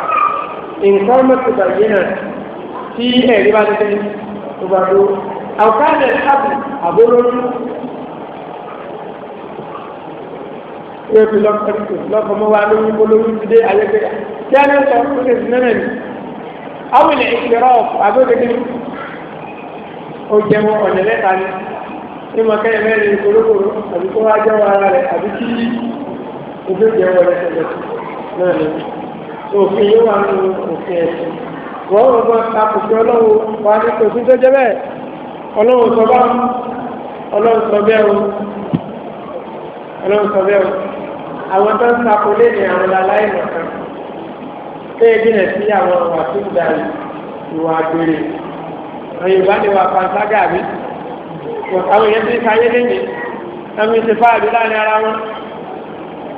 [SPEAKER 1] nǹkan mọ́tò bàjẹ́ náà tí ẹ̀rí bá ó fi lọ́kọ̀ mọ́ wa lórí olórí ti dé ayẹ́gbẹ́ tí a náà sọ fún èsì náà nì àwọn ilẹ̀ ìṣẹ̀rọ̀ àgbẹ̀gbẹ̀ ní ó jẹun ọ̀nà mẹ́ta ni ní mo kẹ́ mẹ́rin kórókòrò àbí kó wá jẹ́ wọn ara rẹ̀ àbí kí ojú jẹ́ wọn rẹ̀ tẹ̀lẹ̀ náà ni òfin yóò wà nínú òfin ẹ̀sìn wọ́n wọ́n gbọ́n takùsí ọlọ́wọ́ wa ní tòfin tó jẹ́ bẹ́ẹ̀ ọlọ́wọ́ sọ bá ọlọ́wọ́ sọ bẹ́ẹ̀ o ọlọ́wọ́ sọ bẹ́ẹ̀ o àwọn tó ń sako lé ní àwọn aláì nìkan pé jìnà sí àwọn ọ̀wà tó ń darí ìwà àgbèrè òyìnbá ni wà pàṣágà rí àwọn èèyàn ti ń sáyé lẹ́yìn ẹ̀mí ti fáàlú láàrin ara wọn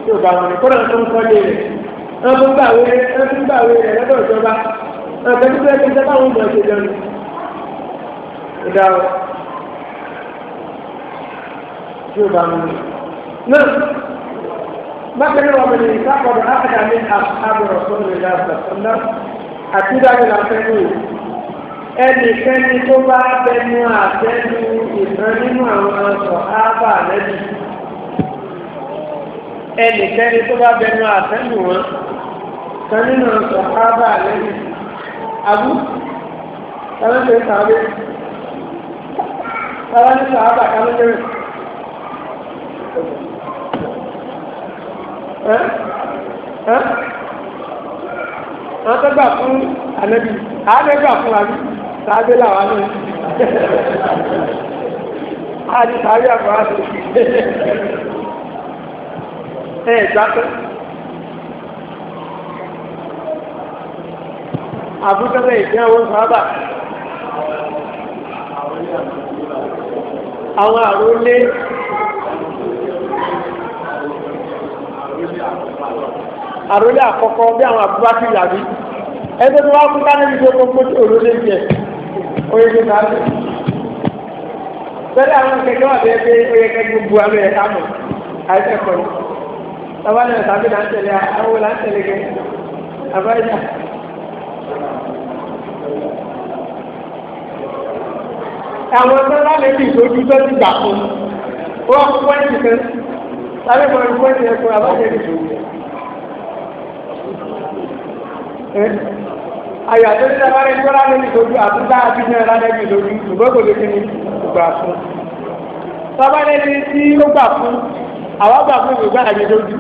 [SPEAKER 1] tí ò bá wọn kó náà tó ń kọ́ lé rẹ̀ wọ́n tún gbàwé rẹ̀ wọ́n tún gbàwé rẹ̀ lọ́dọ̀ ìjọba wọ́n tẹ́tí tó ẹgbẹ́ sábà wọn mọ̀ ṣe lọ́nu. ìdá o tí ò bá wọn náà مثلا ومن النساء قد أخذ من أصحاب رسول الله صلى الله عليه وسلم أتدعي الأخير ẹnikẹ́ni tó bá bẹnu àtẹnu ìtàn nínú àwọn ọ̀sọ̀ ábà lẹ́nu ẹnikẹ́ni tó bá bẹnu àtẹnu wọn kan nínú ọ̀sọ̀ ábà lẹ́nu abú kálọ́jẹ́ sàábé kálọ́jẹ́ sàábà kálọ́jẹ́ rẹ̀ ẹ́ ẹ́ àtẹ́gbà fún ànẹ́bí àádẹ́gbà fún àbí sàádé làwà náà àti sàárì àbúrà sí ẹ̀ ìgbàtọ́ àbúkẹ́sẹ̀ ìpín àwọn sábà àwọn àrólé àròlé àkọ́kọ́ bí àwọn àbúbákì yàrí ẹgbẹ́ tó wá fún kánẹ́bí tó kó kó òrólé jẹ oyè tó sáré pẹ́lẹ́ àwọn kẹ̀kẹ́ wà bẹ́ẹ̀ pé oyè kẹ́kẹ́ gbogbo àwọn ẹ̀ka mọ̀ àìsẹ̀ kọ̀ ní bàbá náà sábì náà ń tẹ̀lé àwọn wòlá ń tẹ̀lé gẹ́ àbáyà àwọn ọ̀sán lálẹ́ bí ìtọ́jú tó ti gbà fún wọn kú pọ́ìntì kan sábẹ́ pọ́ìntì ẹ̀kọ́ àbájẹ́ ìṣòwò ayà tó ní sábàrẹ̀ tó rà lẹ́bi lójú àtúntà àti ní ẹ̀rá lẹ́bi lójú ṣùgbọ́n kò lè fi ní ìgbà fún sábàrẹ̀ ní tí ó gbà fún àwọn gbà fún ìgbà àyè lójú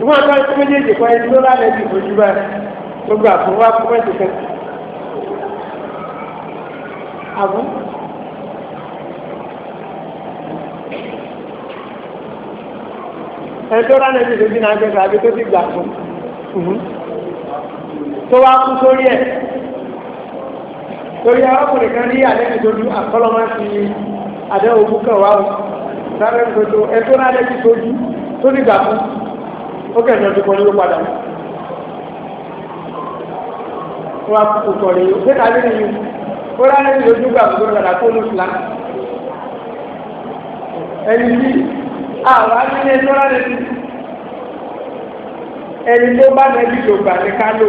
[SPEAKER 1] ìwọ́n tó ń tó méjèèjì kan ẹni ló rà lẹ́bi lójú báyìí tó gbà fún wá fún mẹ́tò kan àbú tó wá kú sórí ẹ̀ torí arákùnrin kan ní àdẹ́kì tó dú àkọlọ́mọ́ sí àdẹ́ òkú kẹwàá o sáré ń gbèsò ẹ̀tọ́ náà àdẹ́kì tó dú tó ní gbà fún ó kẹ̀sán tó kọ́ ní ó padà ó wá kú kọ̀ rèé ó kéka lé nìyí ó rárá ní ojú gbà fún gbọ́dọ̀ kó ló fìlà ẹni tí àwọn adúlé ẹ̀tọ́ náà lè ẹni tó bá nẹ́bí lògbà ní ká lò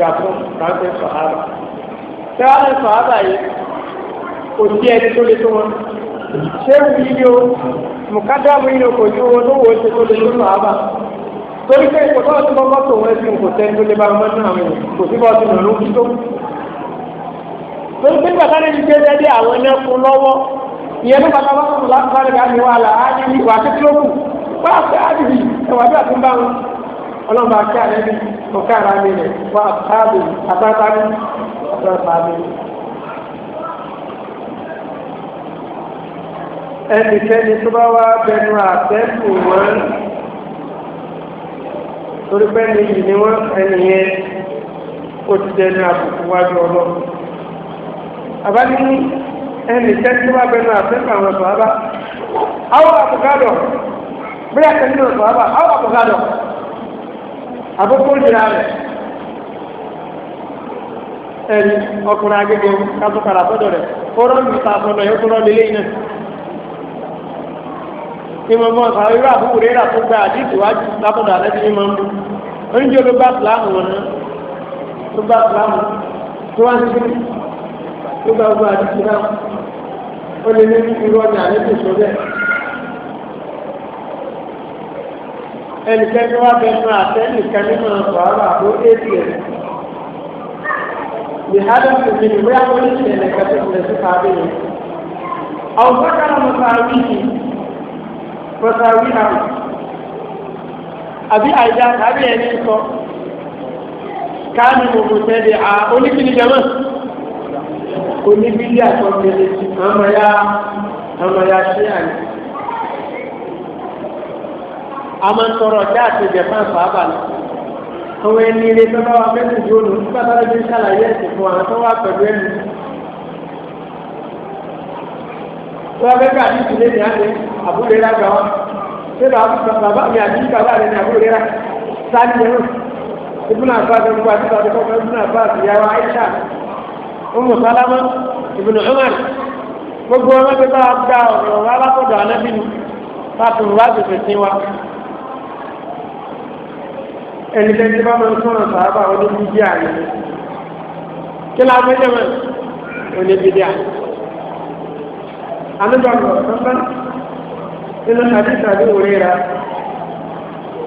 [SPEAKER 1] gbà fún káńpẹ́ sọ̀hábà tẹ́wọ́n sọ̀hábà yìí kò sí ẹni tó lè tó wọn ṣé wù yí o mùkádàmù yìí kò ju wọn tó wò ó ṣe tó lè tó sọ̀hábà torí pé kò tọ́wọ́ tó bọ́ tó wọn ẹ̀sìn kò sẹ́ni tó lè bá wọn náà wọn kò sí bọ́ tó nà ló tó torí pé bàtà ní ti gbé dé àwọn ẹni ẹkùn lọ́wọ́ ìyẹn ló bàtà wọn kò láti bá rẹ̀ ká ní wàhálà á ní wàá ọlọ́mọ akẹ́ àlẹ́bí ọ̀ká ara mi rẹ̀ wá àbábì àbábárí àbábá mi. ẹnikẹ́ni tó bá wá bẹnu àtẹ́kù wọn torí pé ní ni wọ́n ẹnìyẹn ó ti dẹnu àbùkù wájú ọlọ́run. àbájú ní tó bá bẹnu àtẹ́kù àwọn àwọn bí àwọn àkókò ìjìnlá rẹ̀ ẹni ọkùnrin agége kátùkàrà sọ́dọ̀ rẹ̀ ó rọ́ ní ìta àfọ́nà yóò tún rọ́ lélẹ́ iná ìmọ̀mọ́ sàrọ̀ irú àbúrò rẹ̀ rà tó gba àdìsí wájú lápọ̀dọ̀ àlẹ́ sí mímọ́ mú oúnjẹ ló bá fìlàmù wọn náà ló bá fìlàmù tó wá sí ló bá gbọ́ àdìsí náà ó lè ní irú ọjà àlẹ́ tó ẹnikẹ́ni wá bẹnu àtẹ́nìkan nínú ọ̀sọ̀rọ̀ àbó éèdì ẹ̀. Ìhádọ́ ti fi ìwé àwọn ìṣẹ̀lẹ̀ kẹtù ìpìlẹ̀ sí pàdé yẹn. Àwọn sákàrà mọ̀sáwí yìí, mọ̀sáwí àwọn. Àbí a tàbí ẹni sọ, káàmì mọ̀mọ̀ tẹ́lẹ̀ à oníkìlì jẹ́mọ̀. Oníkìlì àtọ̀tẹ̀lẹ̀ sí àmàyà àmàyà ṣé àná. a máa ń tọrọ ọjà àti ìjẹ fún àfààbà ni ẹni ilé tó bá wà pẹ̀lú ìjóòlù nígbà tó lọ́jọ́ ìṣàlàyé ẹ̀sìn fún àwọn tó wà pẹ̀lú ẹ̀mí. tó wá pẹ́pẹ́ àti ìdílé ní àná àbúrò rẹ̀ gbà ṣé bàbá mi àti bàbá rẹ̀ ní àbúrò rẹ̀ sáré yẹn náà ibùnà àbá àti bàbá ọmọ sálámà gbogbo ẹnikẹ́ni tí bá máa ń sàábà wọn ní kí la fẹ́ jẹ́mọ̀ wọn ní bíbí àná. anábàbọ̀ sọ́sán nínú àdìsí àbí òrera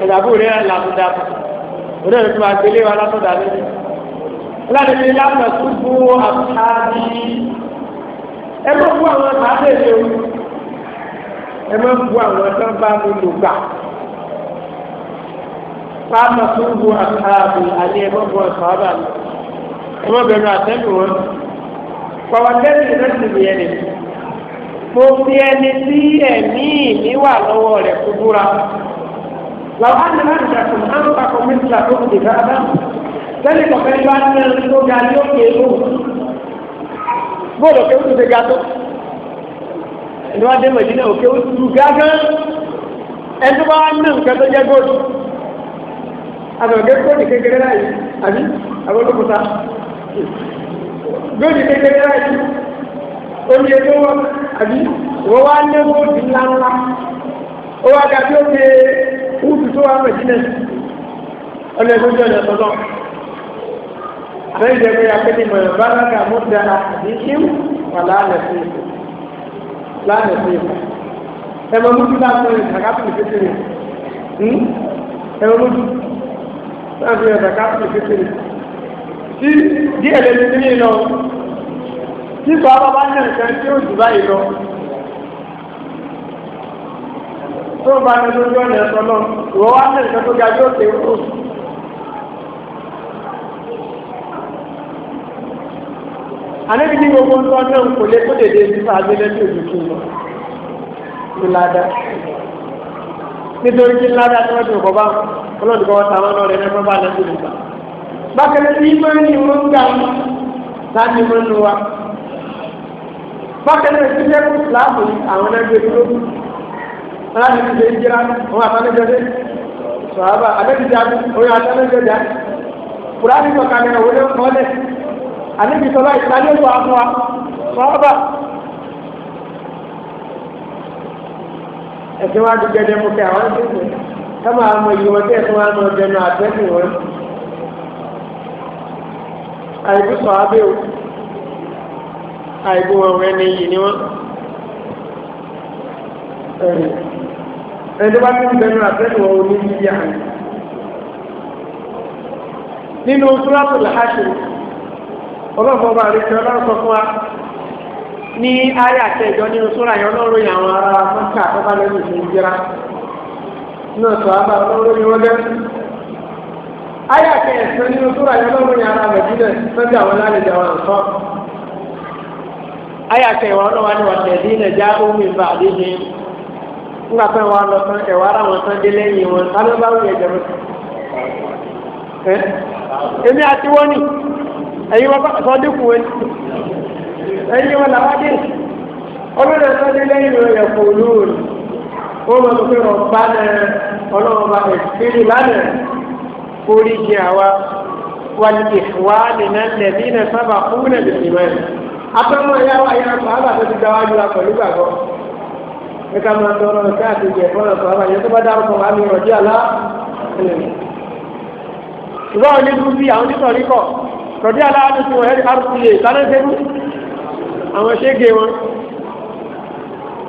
[SPEAKER 1] ẹ̀dá àbí òrera làbúdà òré rẹ̀ tó bá gbélé wa látọ̀dà láti fi tó bú bú àwọn bú àwọn bá lò gbà. fáàmà tó ń bu àkàbù àní ẹgbọ́n bu àkàbà ní ẹgbọ́n bẹ̀rù àtẹ́lù wọn. pàwọ́tẹ́lì ìrẹsì ni ẹni mo fi ẹni sí ẹ̀mí mi wà lọ́wọ́ rẹ̀ kú búra. làwọn àti láti dàkùn náà ń pa kọ́míṣílà tó kù dìgbà bá tẹ́lẹ̀ kọ̀ọ̀kan bá ń tẹ́lẹ̀ tó ga ní òkè lóhùn. bóòlù òkè wùdú ti ga tó. ìlú adé mọ̀jìnà òkè wùdú gángan ẹni tó bá wà ní nǹkan tó jẹ́ góòlù àtọ̀gẹ́ gbòdì kékeré láyé àbí àbọ́lọ́pọ̀ta gbòdì kékeré láyé omi ètò wọn àbí wọ́n wá lé gbòdì ńláńlá ó wá ga bí ó ṣe wúdù tó wà mẹ́jìnà ọlẹ́gbẹ́ jọ lẹ́sọ̀ náà àbẹ́yìn lẹ́gbẹ́ ya pété mọ̀ bá lága mú dára àbí kí wà láàlẹ̀ sí ipò láàlẹ̀ sí ipò ẹ̀mọ́ mú dúdú àtọ́ ìtàkàtù ìfẹ́sẹ̀rẹ̀ láti ẹ̀dà káàkiri kékeré tí díẹ̀ lẹ́nu ní ìlọ nípa bàbá ní nǹkan tí ó jù báyìí lọ tó bá ní lójú ọ̀nà ẹ̀sọ́ lọ ìwọ wá ní nǹkan tó ga yóò ké o. àníbi ní gbogbo ń tọ́ náà kò lè kó dèdè nípa abẹ́lẹ́ tí òjò kí n lọ. ìlàdà nítorí kí ládà tí wọ́n ti kọ̀ bá ọlọ́dún kan wọ́n ta wọn lọ́rẹ̀ náà bá lẹ́sìn nígbà. bákan náà ìmọ̀ ní ìwọ́n ń gbà mí láti mọ̀ nù wa. bákan náà ìṣiṣẹ́ kú láàbù àwọn ẹgbẹ́ dúró. aláàbí ti ṣe ìjìra òun àtàlẹ́jọ́dé sọ̀hábà àbẹ́tìjà òun àtàlẹ́jọ́dá. kùránì kọ̀ọ̀kan náà wọlé ẹ̀sìn wá ti gẹ́gẹ́ mú kí àwọn tó kù ká máa mọ iye wọn tí ẹ̀sìn wá mọ jẹnu àtẹ́sìn wọn. àìbí sọ abẹ́ o àìbí wọn wọn ẹni yìí ni wọn. ẹni tó bá ti ń jẹnu àtẹ́sìn wọn ò ní yíyí nínú sùràtù làásù ọlọ́fọ̀ọ́ bá rí kí ọlọ́run sọ fún wa. ní ayé àtẹ̀jọ́ nínú sóra yẹn ọlọ́run yẹn àwọn ará mọ́tà àtọ́bálẹ́nu ìṣèjìra náà sọ abá ọlọ́run yẹn wọ́n dẹ́rù ayé àtẹ̀yẹ̀sán nínú sóra yẹn ọlọ́run yẹn sọ́jà ayé ni wọ́n tẹ̀lé ilẹ̀ já omi nígbà pé wọ́n lọ ẹ̀wọ́ ara wọn tán lẹ́yìn wọn táwọn ẹ̀yìn wọn làwọn dé ọlọ́dẹ tó dé lẹ́yìn rẹ̀ yẹ kó lóòrè ó lọ sọ pé wọn bá nẹ ọlọ́run bá ìpínlẹ̀ lánà orí jẹ àwa wọn ti wá nínú ẹ̀mí náà sábà fún náà lè mọ̀ ẹ̀ atọ́mọ ẹ̀yà wa yẹn kọ́ àbá tó ti gba wájú wa pẹ̀lú gbàgbọ́ nígbà máa ń tọrọ káàkiri ẹ̀fọ́ náà sọ àbá yẹn tó bá dárúkọ wà ní ìrọ̀jú àlá ìwọ onídùú àwọn onítọ̀ríkọ̀ rọ̀jú àlá àdùsùn ẹ̀rí àrùkù yìí sáré ṣẹ́gun àwọn ṣége wọn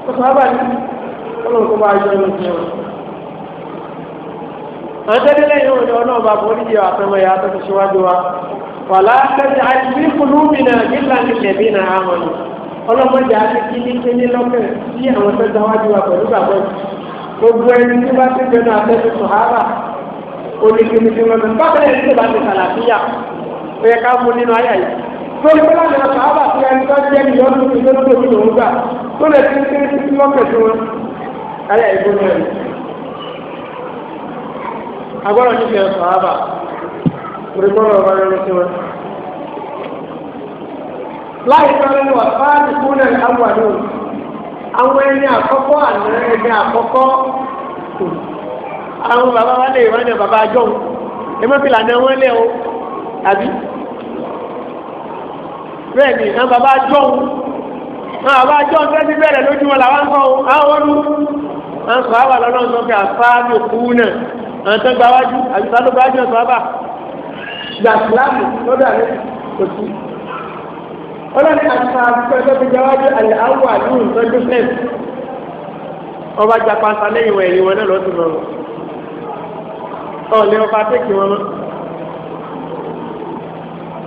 [SPEAKER 1] tó sábà ní ọlọ́run kó bá yọ ọ́nà jẹ wọn. àtẹ́lẹ́ lẹ́yìn òde ọlọ́run bá borí jẹ àtọmọ ìyá tó ti ṣíwájú wa wà látẹ́lẹ́ àìsí kùlùmínà nílà nílẹ̀ bí nà á mọ̀ ní ọlọ́mọdé àti kíníkíní lọ́kẹ̀ sí àwọn tó dáwájú wa pẹ̀lú bàbá gbogbo lórí pé láti ọ̀sán àbá tí ẹni tó jẹ́ ìyọ́nù tó ló tó tó ń gbà tó lè fi kéré títí lọ́kẹ̀ tó wọn ayé ìbò náà ni. agbọ́dọ̀ ọ̀sán àbá wọn. láì wà fáàlì kúnlẹ̀ àwàdù àwọn ẹni àkọ́kọ́ àná ẹni àkọ́kọ́ àwọn bàbá wa lè ní bàbá bẹ́ẹ̀ ni àwọn bàbá jọ̀hún àwọn bàbá jọ̀hún tẹ́sí bẹ̀rẹ̀ lójú wọn làwọn kọ́ àwọn ọdún wọn sọ àwọn lọ́nà sọ pé àfáàmì òkú náà àwọn tó gba wájú àti sáló gbájú ọ̀sán àbà gbà síláàmù lọ́dọ̀ àlẹ́ kò sí. ọlọ́ni àtàkùn ẹgbẹ́ fi jẹ wájú àlẹ́ àwọ̀ àdúrà ìtọ́jú fẹ́ẹ̀ ọba japa sa lẹ́yìn wọn ẹ̀yìn wọn náà lọ́sùn lọ́rùn ọ̀lẹ́ ọba tẹ́kì wọn mọ́.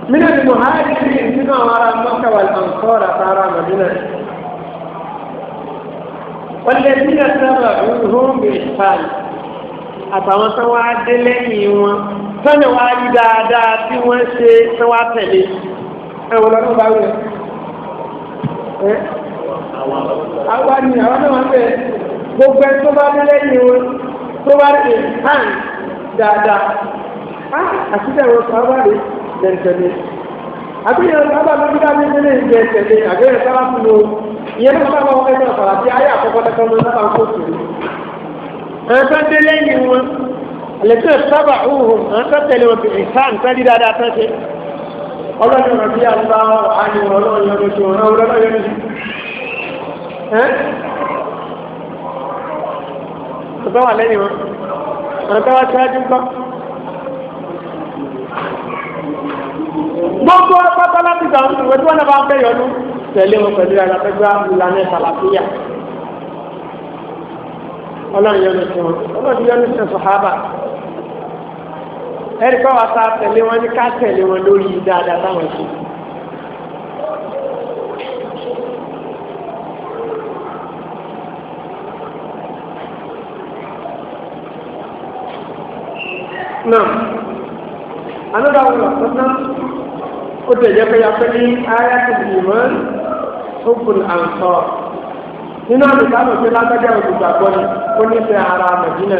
[SPEAKER 1] من المهاجرين بما وراء مكة والأنصار ترى مدينة والذين تبعوهم بإحسان àtàwọn tó wá dé lẹ́yìn wọn tọ́nà wá rí dáadáa tí wọ́n ṣe tó wá tẹ̀lé ẹ̀wọ̀n lọ́dún bá wẹ̀ ẹ́ àwa ni àwọn náà wọ́n fẹ́ gbogbo ẹ̀ tó bá dé lẹ́yìn wọn tó bá rí hàn dáadáa á àti tẹ̀wọ̀n sọ wá rèé tẹ̀lé àbíyẹ sábà lóbi dábí tẹ́lẹ̀ ń jẹ tẹ̀lé àbíyẹ sábà fún o ìyẹn náà sábà wọn ẹgbẹ́ ọ̀sán àti ayé àkọ́kọ́ tẹ́kọ́ ló sábà ń kó tù ú. ni wọn lẹ́tọ̀ sábà òhùn ẹ̀ka tẹ̀lé wọn bìrì sáà nǹkan dídá dáa tán ṣe. ọlọ́dún rẹ̀ bí àgbà àni ọlọ́run yọ lóṣù ọ̀rọ̀ ọlọ́run yọ lóṣù. ọ̀tọ́ wà lẹ́yìn wọn ọ̀tọ́ wá ṣáájú kọ́. gbogbo pátá láti gbà ń sùn wẹ́tí wọn náà bá ń fẹ́ yọnu tẹ̀lé wọn pẹ̀lú ara pẹ́gbẹ́ ìlànà ìsàlàfíà ọlọ́run yọnu sí wọn ọlọ́run yọnu sí sọ̀hábà ẹ̀rí pé wàá ta tẹ̀lé wọn ní ká tẹ̀lé wọn lórí dáadáa táwọn ṣe. another one of them ó tẹ̀lé pé ya pé ní ayatul iman hubbul ansar nínú àdìsá ló ṣe lágbájá olùgbàgbọ́ ni ó nífẹ̀ẹ́ ara Mẹ̀dínà.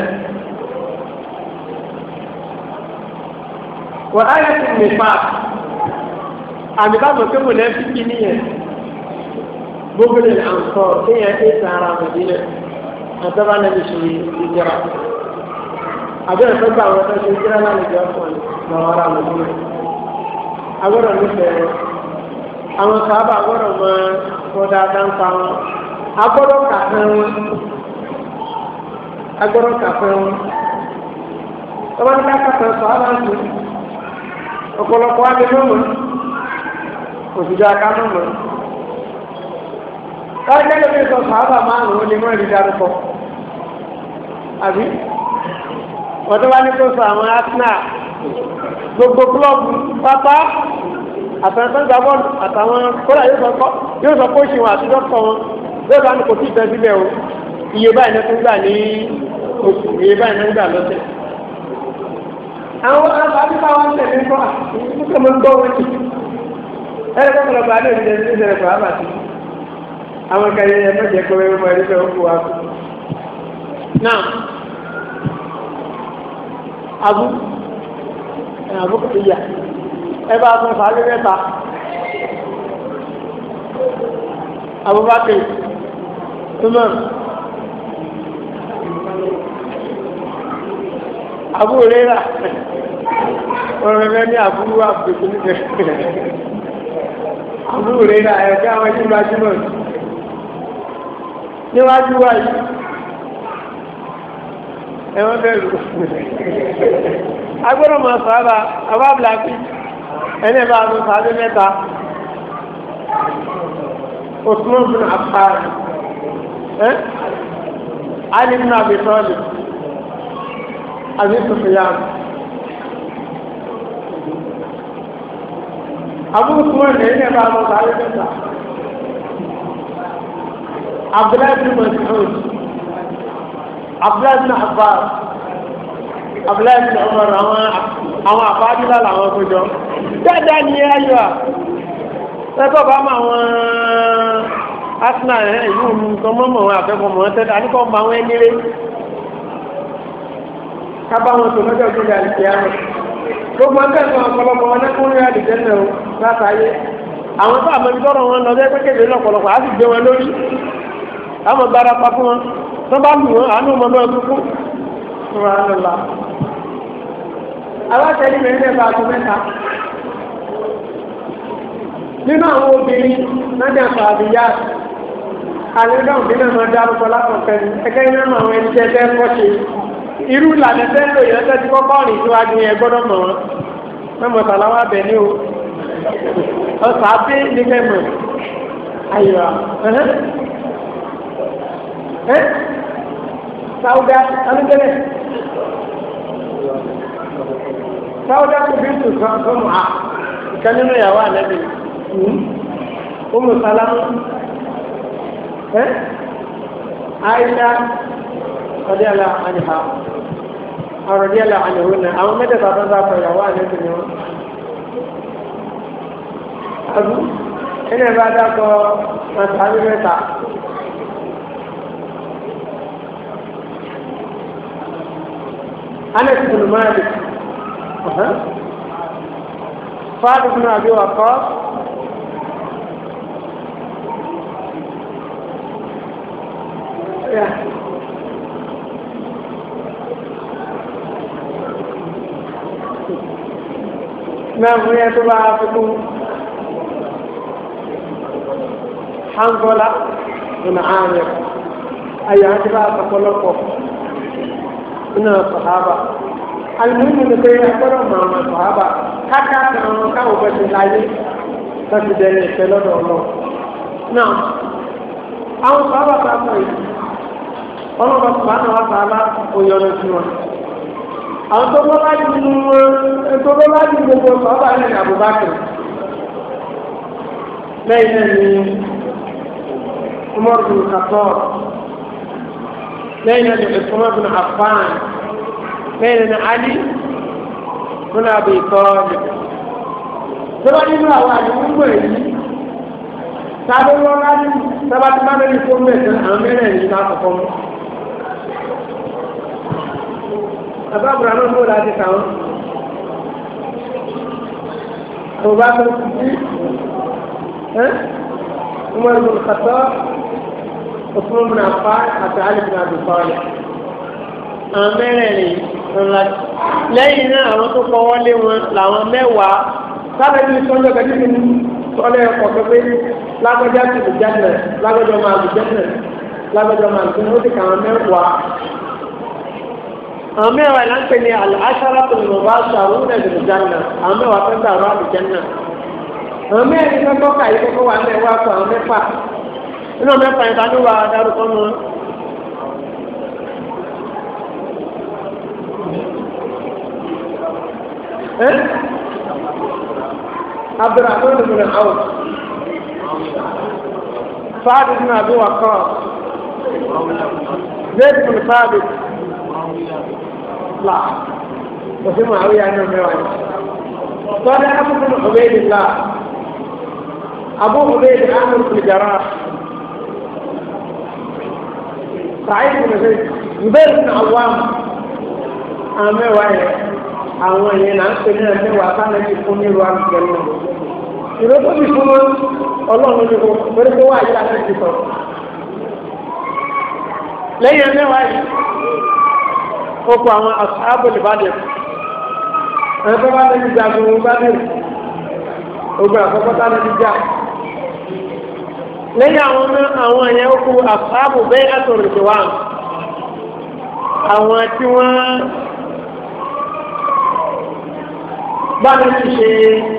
[SPEAKER 1] wọ́n ayatul nifaq àdìsá ló ṣe mọ̀lẹ́ fi kí nìyẹn hubbul ansar kéèyàn éèsì ara Mẹ̀dínà àtẹ́bá lẹ́nu ṣe ìjẹra àbẹ́rẹ́ fẹ́ gbà wọ́n ṣe ìjẹra lálejò ọ̀sán lọ́wọ́ ara Mẹ̀dínà agbọ́dọ̀ nífẹ̀ẹ́ wọn àwọn sábà agbọ́dọ̀ mọ wọn dáadáa ń pa wọn agbọ́dọ̀ kàfẹ́ wọn agbọ́dọ̀ kàfẹ́ wọn tọ́ba ní ká kàfẹ́ sọ aláǹtì ọ̀pọ̀lọpọ̀ wa ni mọ́mọ́ òṣìṣẹ́ aká mọ́mọ́ káyọ̀ lóbi sọ sábà márùn-ún ni mọ́ ìdí darúkọ àbí wọ́n tó wá ní kó sọ àwọn asnaa gbogbo klọ́ọ̀bù pátá àtàwọn gbàgbọ́n àtàwọn kódà yóò sọ kó ṣìwọ̀n àti dọ́kítọ̀ wọn yóò bá ní kò sí ìtẹ́ síbẹ̀ o iye báyìí náà tún gbà ní oṣù iye báyìí náà gbà lọ́sẹ̀. àwọn abájúbá wọn tẹ̀lé fún àkókò mọ́ gbọ́ wọn jù ẹ̀rọ kọ́kọ́lọ́gbà ní ìdílé ní ìdílé fún àbàtì àwọn kan yẹn ẹ̀mọ́ jẹ́ kọ́wé wọn àbúkù tó yà ẹ bá fún fàájú mẹ́ta Abubakar Umar Abu Hurairah ọ̀rẹ́rẹ́ ní àbúrú àbùkù nígbẹ̀
[SPEAKER 3] Abu Hurairah ẹ̀ẹ́dẹ́
[SPEAKER 1] àwọn ẹjú gbajúmọ̀ níwájú wáyé ẹ̀wọ́n bẹ̀rù agbọ́dọ̀ máa sọ àbá àbá bìláàkì ẹni ẹ̀bá àwọn sàádé mẹ́ta Osman bin Affan ẹ́ Ali bin Abi Talib Abi Sufyan Abu Osman ẹni ẹ̀bá àwọn sàádé mẹ́ta
[SPEAKER 2] Abdullahi bin Mas'ud
[SPEAKER 1] abdullahi bin abbas abdullahi bin umar àwọn àwọn àbájúlá làwọn tó jọ dáadáa ni ayọ̀ à ẹgbẹ́ bá mọ àwọn asina ìlú nǹkan mọ́mọ́ àwọn àfẹ́fọ́ mọ́ tẹ́lẹ̀ àníkọ́ mọ àwọn ẹni rẹ̀ kábà wọn tó lọ́jọ́ ìgbéga àlùkè àmọ́ gbogbo akẹ́kọ̀ọ́ ọ̀pọ̀lọpọ̀ wọn lẹ́kùnrin àlùkè náà látàyé àwọn tó àmọ́ ibi tọ́rọ̀ wọn lọ sí ẹgbẹ́ kékeré lọ́pọ̀lọpọ̀ á sì gbé wọn lórí àwọn gbára tó bá lù wọn àánú ọmọ náà dúkú rà á lọ́la. alátẹ̀lé mi nígbà tó mẹ́ta nínú àwọn obìnrin náà fà àbíyá àlẹ́dọ̀n bí náà máa dárúkọ lápapẹ̀ ẹgbẹ́ iná máa wọn ẹni tẹ́tẹ́ pọ̀ ṣe irú ìlànà tẹ́lẹ̀ yẹn tẹ́ ti kọ́kọ́ rìn síwájú yẹn gbọ́dọ̀ mọ̀ wọn mẹ́mọ̀ tàláwà bẹ̀ ní o ọ̀sà bí ní mẹ́mọ̀ ayọ̀ ẹ́ sáúdá alúgbẹ́lẹ̀ sáúdá kò bí tù sọ́nù à ìkan nínú ìyàwó àlẹ́bí ọmọ sálámù ẹ́ àìsá ọdíàlá àníhà ọ̀rọ̀díàlá àníhù náà àwọn mẹ́tẹ̀ẹ̀ta tó ń bá pẹ̀lú ìyàwó àlẹ́bí ni wọ́n ẹni ẹ̀ bá dákọ̀ ọ̀sán mẹ́ta أنس بن مالك أه. سعد بن أبي وقاص نعم هي تبعثكم حنظلة بن عامر أيها تبعث كلكم nínú sọ̀hábà alùmíìnì ni pé agbọ́dọ̀ mọ àwọn sọ̀hábà káká kan àwọn káwọn bẹ́ẹ̀ ti láyé láti dẹrẹ ìfẹ́ lọ́dọ̀ ọlọ́ náà àwọn sọ̀hábà tá a sọ yìí ọlọ́ba sọ̀hábà wà sàlá òyọ̀nà sí wọn àwọn tó bọ́ láti nínú wọn tó bọ́ láti gbogbo sọ̀hábà ní Abubakar lẹ́yìn náà ni Umar bin Khattab lẹ́yìn náà ni Usman bin bẹ́ẹ̀ ni ali múna bí tọ́ọ̀lì sábà nínú àwọn àdúgbò yìí sábà lọ́la ní sábà tí máa bẹ́ẹ̀ fún mẹ́sàn àwọn mẹ́rẹ̀ ní ká kọ̀kọ́ mú.
[SPEAKER 2] bàbá burama ń bò láti kàwọn
[SPEAKER 1] kò bá tó kú sí Umar bin Khattab Usman bin Affan àti Ali bin Abi àwọn mẹ́rẹ̀ẹ̀rin ńlá lẹ́yìn náà àwọn tó kọ́ wọlé wọn làwọn mẹ́wàá sábẹ́ tí sọ́jọ́ kẹ́kẹ́ tí mo sọ́lẹ̀ ọkọ̀ tó pé lágbájá ti lè jẹ́nà lágbájá máa lè jẹ́nà lágbájá máa lè jẹ́nà ó ti kà àwọn mẹ́wàá. àwọn mẹ́wàá ìlànà pè ní aṣáára tó lè wá aṣọ àwọn ọ̀nà ìdìbò jẹ́nà àwọn mẹ́wàá fẹ́ gbà wá àlùjẹ́nà. àwọn mẹ́rin kọ́kọ́ kà yí kọ́kọ́ wà mẹ́wàá kọ àwọn mẹ́fà nínú mẹ́fà ìtàn إيه؟ عبد الرحمن بن عوف سعد بن أبي وقاص زيد بن ثابت لا وفي معاوية أنه ما قال أبو بن عبيد الله أبو عبيد عامر بن جراح سعيد بن زيد زبير بن عوام عامر وعيد àwọn èèyàn náà ń pè ní ẹ̀mẹ́wàá sáré fún nílùú àgbẹ̀ náà ìrọ́pọ̀ bí fún wọn ọlọ́run ní kò pẹ̀lú láti ti sọ. lẹ́yìn yìí ó kọ àwọn àbòlì bá ẹ̀fẹ́ bá bá ogun àkọ́kọ́ lẹ́yìn àwọn àwọn ẹ̀yẹ ó kú àbò bẹ́ẹ̀ àwọn tí wọ́n báni ti ṣe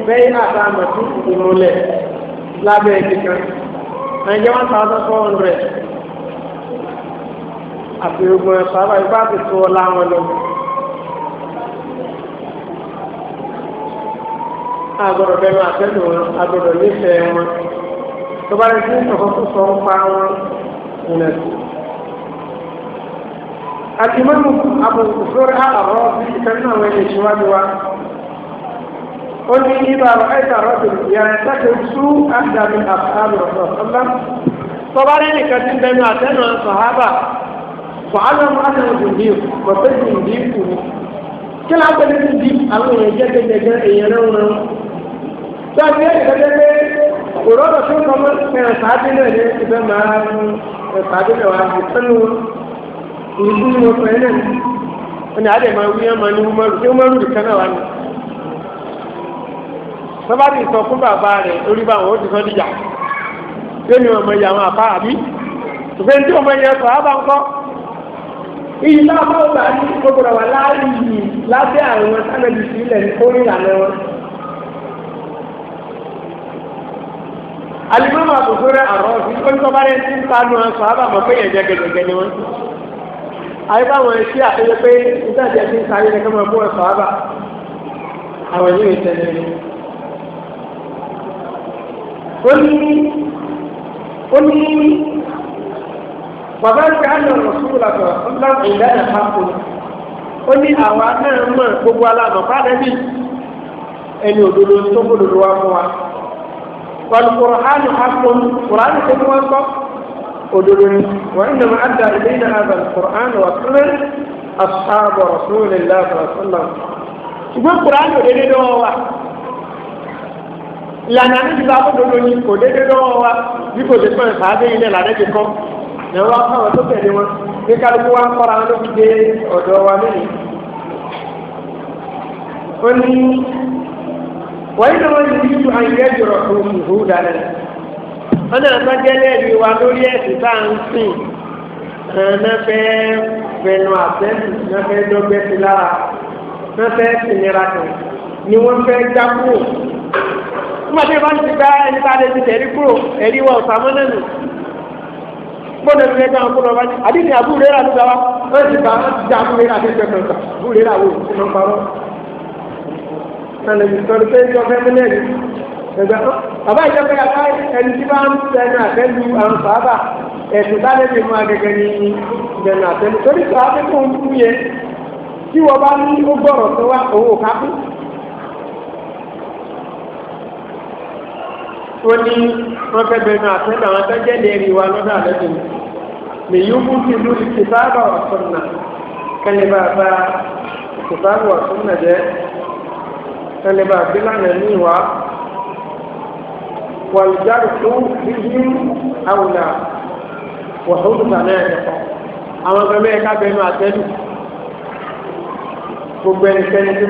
[SPEAKER 1] bẹ́ẹ̀ àtàmà tí ìdùnnú lábẹ́ ìdíkan ẹ̀jẹ̀ one àti ogun ẹ̀fọ́ àbáyé bá ti tó ọlá wọn lọ. agbọ́dọ̀ bẹnu àtẹnu wọn agbọ́dọ̀ nífẹ̀ẹ́ wọn tó bá rí fún ìṣọ̀kọ́kọ́ sọ ń pa wọn ó ní ibà ẹ̀ta rọ́bìn yàrá ìtàkùn sú àdàmì àfààbì ọ̀sọ̀ ọ̀sán tọ́ba rẹ̀ nìkan ti bẹnu àtẹnu sọ̀hábà fàálọ̀ mọ́tò ìdí kọ̀tẹ́ ti ìdí kù ní. kí ló ń pè ní ìdí àwọn èèyàn jẹ́gẹ́jẹ́gẹ́ èèyàn náà wọn. sọ́ọ̀tì yẹn ìgbẹ́jẹ́ pé òróró tó kọ́ mọ́ ẹ̀rọ sáájú náà ní tọ́ba ti sọ fún bàbá rẹ̀ orí bá wọn ó ti sọ níjà lẹ́nu ọmọ ìyá wọn àpá àbí ṣùgbọ́n tí ọmọ ìyá sọ ábà ń kọ́ iyì náà bá wà ní gbogbo wa láàyè lábẹ́ àwọn sábẹ́lì sílẹ̀ ní orí ìlànà wọn. alimọ́mọ́ àkókò rẹ̀ àrọ́ sí ó ní sọ́ba rẹ̀ ti ń panu aṣọ ábà mọ̀ pé yẹn jẹ́ gẹ̀gẹ̀ ni wọ́n. àyíká wọn ṣí àtẹ́yẹ pé ìdájẹ́ ti ń sáré lẹ́kẹ́ mọ́ bó ẹ̀sọ́ ábà àwọn yìí ń tẹ̀lé ó ní ó ní bàbá ń ká lọ rọ̀ sùúrù làtọ̀ ńlá ìlànà pápó ó ní àwa náà mọ̀ gbogbo aláàmọ̀ fádẹ́bí ẹni òdodo tó gbọdọ̀ lọ́wọ́ fún wa والقرآن حق القرآن كما وصف أدلني وإنما أدى إلينا هذا القرآن وسنة أصحاب رسول الله صلى الله عليه وسلم يقول القرآن يدلني ìlànà àti ìgbà àbúdòdó ni kò déédéé lọ́wọ́ wa bí kò sí pẹ̀lú sàádé ilẹ̀ làdé ti kọ́ ẹ̀rọ akọ́wọ́ tó tẹ̀lé wọn bí kálukú wa ń kọ́ra wọn lóbi dé ọ̀dọ̀ wa mẹ́rin. ó ní wọ́n yìí lọ́wọ́ yìí ju àyè jọ̀rọ̀ òhùhù dáná. wọ́n náà sọ jẹ́lẹ̀ rí wa lórí ẹ̀sìn tá à ń sìn náà fẹ́ fẹnu àtẹ́sì náà fẹ́ dọ́gbẹ́sì lára náà fẹ́ sìnira kan ni wọ́n fẹ́ jákòó nígbà tí ìbá ti gba ẹni tá a lè ti tẹ̀rí kúrò ẹ̀rí wa ọ̀sán mọ́ nẹ́nu gbọ́dọ̀ ní ẹgbẹ́ àwọn kúrò wájú àdínní àbúrò rẹ̀ ló gbà wá wọ́n ti gbà wọ́n ti dá àbúrò rẹ̀ àti ìgbẹ́kẹ̀ ọ̀gbà àbúrò rẹ̀ àwọn òkú máa ń parọ́. sọlẹ̀ ìsọ̀rọ̀ pé ní ọ̀fẹ́ mílẹ̀ ni ẹgbẹ́ bàbá ìjọba yàtọ̀ ẹni tí bá ń tẹnu àtẹ́lu àwọn sàábà ẹ̀sùn tá lẹ́bi mú agẹgẹ ní ìdẹ̀nu àtẹ́lu torí sàábà tó ń tó ní wọ́n fẹ́ bẹnu àtẹ́lẹ̀ àwọn tẹ́jẹ́ lè rí wa lọ́dọ̀ àlẹ́dùn lè yóò mú sí lórí kìtàbà ọ̀túnnà kẹlẹ́bà bá kìtàbà ọ̀túnnà jẹ́ kẹlẹ́bà bílànà ní ìwà wàlùjárùkú bíbí àwùlà wọ̀húnùtà náà ẹ̀kọ́ àwọn ọmọ ẹgbẹ́ ká bẹnu àtẹ́lù gbogbo ẹnikẹ́ni tí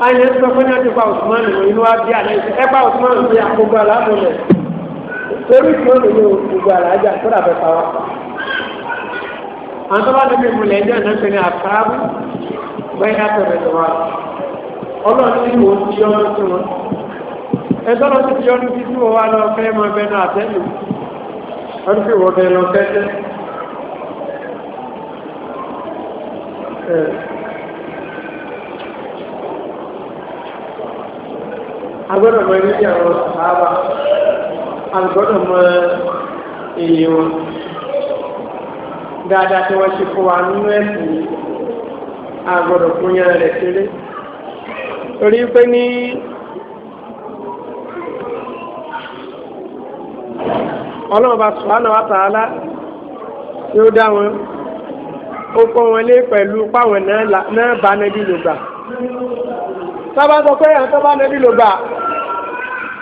[SPEAKER 1] ayé ń sọ fún ní ọjọ́ pa Usman lò inú wa bí àná ìṣe ẹgbà Usman lò ní àkógbó aláàbọ̀lẹ̀ torí tí ó lò ní gbogbo àlàájá tó dàbẹ̀ pa wá. àwọn tó bá débi ìmùlẹ̀ ẹjọ́ ìná pé ní àkàràbù bẹ́ẹ̀ àtọ̀rẹ̀ tó wá ọlọ́run ní ìwò ti yọ́nú sí wọn ẹjọ́ lọ sí ti yọ́nú sí tí wọ́n wá lọ fẹ́ mọ ẹgbẹ́ náà àtẹ́lù ọdún sí ìwọ́n bẹ́ẹ̀ lọ fẹ́ agbọ́dọ̀ mọ ẹni tí àwọn sàábà agbọ́dọ̀ mọ èyí wọn dáadáa tí wọ́n ṣe fún wa nínú ẹ̀sìn agbọ́dọ̀ fún yẹn rẹ̀ kéré torí pé ní ọlọ́ọ̀bá sùhánà wa tààlà tí ó dá wọn ó pọ́n wọn lé pẹ̀lú páwọn náà bá nẹ́bí lògbà sábà pé àwọn nẹ́bí lògbà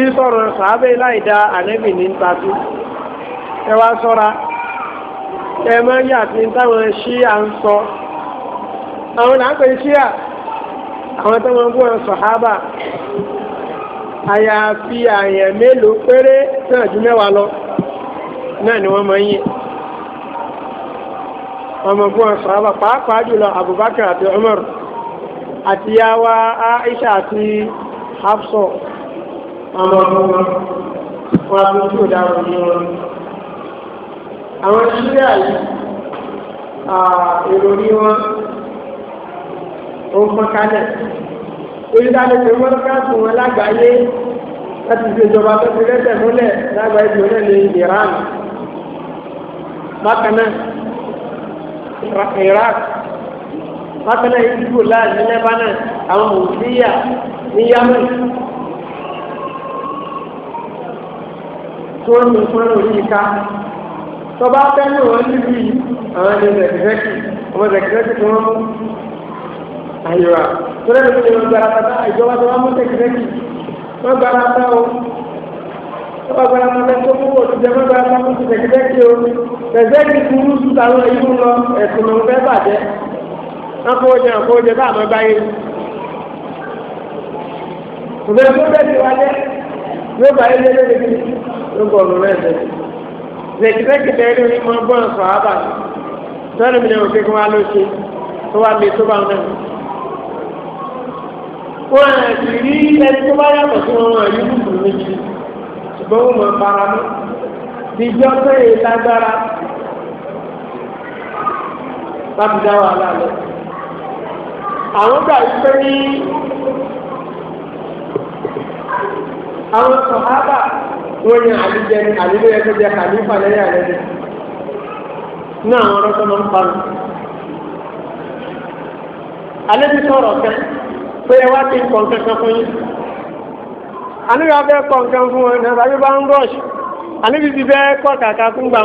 [SPEAKER 1] ìsọ̀rọ̀ sàábẹ́ láìda ànẹ́bì ní ń tatú ẹ wá sọ́ra ẹ mọ́ yà tí táwọn ṣíà ń sọ àwọn làápẹ̀ ṣíà àwọn táwọn bú wọn sàhábà àyàfi àyẹ̀ mélòó péré náà ju mẹ́wàá lọ náà ni wọ́n mọ̀ yìn ọmọ bú wọn sàhábà pàápàá jùlọ Abubakar àti Umar àti yáwá Aisha àti Hafsa wọn máa bú wọn wọn á fi tí ò dára ní wọn. àwọn ṣíríà yìí èrò rí wọn ó ń pọn kálẹ̀ orílẹ̀-èdè pé wọ́n káàkiri wọn lágbàáyé láti fi ìjọba tó fi rẹ́sẹ̀ múlẹ̀ lágbàáyé bí wọ́n lè Iran bákan náà Iraq bákan náà ìdúgbò láàrin Lebanon àwọn òṣìyà ní Yemen tó ní ìpínlẹ̀ orí ìka tó bá fẹ́nu wọn níbi àwọn ẹni zẹ̀kìrẹ́kì ọmọ zẹ̀kìrẹ́kì tó wọ́n mú àyíwá tó lẹ́nu tó lè wọ́n gbára pátá ìjọba tó wọ́n mú zẹ̀kìrẹ́kì wọ́n gbára pátá o wọ́n bá gbára pátá tó kú òtún jẹ́ wọ́n gbára pátá tó zẹ̀kìrẹ́kì o zẹ̀kìrẹ́kì kúrú sùtàwọn èyí ń lọ ẹ̀sùn lòun fẹ́ bàjẹ́ lóko ọ̀rọ̀ náà tẹ̀lé zèkìtẹ́kìtẹ́ ẹni ní mọ bọ́ọ̀n sọ ábà sọ́ọ́nù mi náà kékeré wa ló ṣe tó wà lè tó bá wọn náà. wọn à sì rí ẹni tó bá yàtọ̀ sí wọn wọn yóò dùn méjì ṣùgbọ́n wọn mọ̀ para mọ́ ìjọ pé ìtagbára láti dá wàhálà lọ. àwọn gbà wípé ní àwọn sọ̀hábà wọ́n ní àlùjẹ àlùjẹ yẹ kó jẹ kàlífà lẹ́yìn àlẹ́ ni ní àwọn ọ̀rọ̀ tó máa ń parọ́. alẹ́ ti sọ̀rọ̀ kan pé ẹ wá ti ń kọ̀ kankan fún yín àníbi abẹ́ kọ̀ nǹkan fún wọn náà tàbí bá ń rọ̀ṣì àníbi ti bẹ́ kọ́ kàkà fún gbà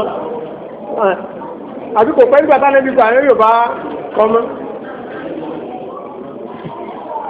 [SPEAKER 1] àbí kò pẹ́ nígbà tá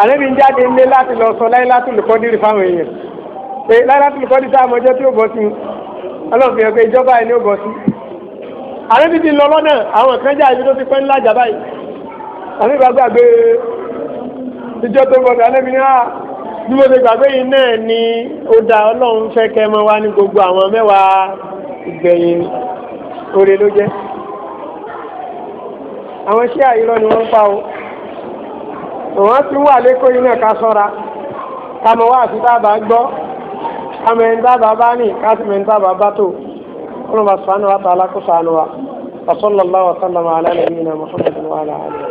[SPEAKER 1] àlẹ́bí ń jáde ńlé láti lọ sọ láìlátul kọ́dírì fáwọn èèyàn pé láìlátul kọ́dírì táwọn ọjọ́ tí ó bọ́ sí ọlọ́run fi hàn pé ìjọba ẹni ó bọ́ sí. àlẹ́bí ti lọ lọ́nà àwọn kan já ibi tó ti pẹ́ ńlá jà báyìí àlẹ́bí bá gbàgbé ìjọ tó bọ̀ sí àlẹ́bí ní àá ah, bí mo ṣe gbàgbé yìí náà ni ó da ọlọ́run fẹ́ kẹ́ mọ́ wá ní gbogbo àwọn mẹ́wàá ìgbẹ̀yìn oore ló jẹ́ àwọn iṣẹ́ àyílọ́ wọ́n ti wà lẹ́kọ̀ọ́ yìí náà ká sọ́ra kàmọ́ wá sí dábà gbọ́ kàmọ́ ẹni dábà bá ní kásìmọ̀ ẹni dábà bá tó ọlọ́run bá sànù wa tààlà kó sànù wa wa sallallahu wa sallama ala wa ala wa sallam.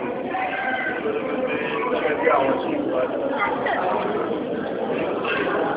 [SPEAKER 2] sí àwọn tí ó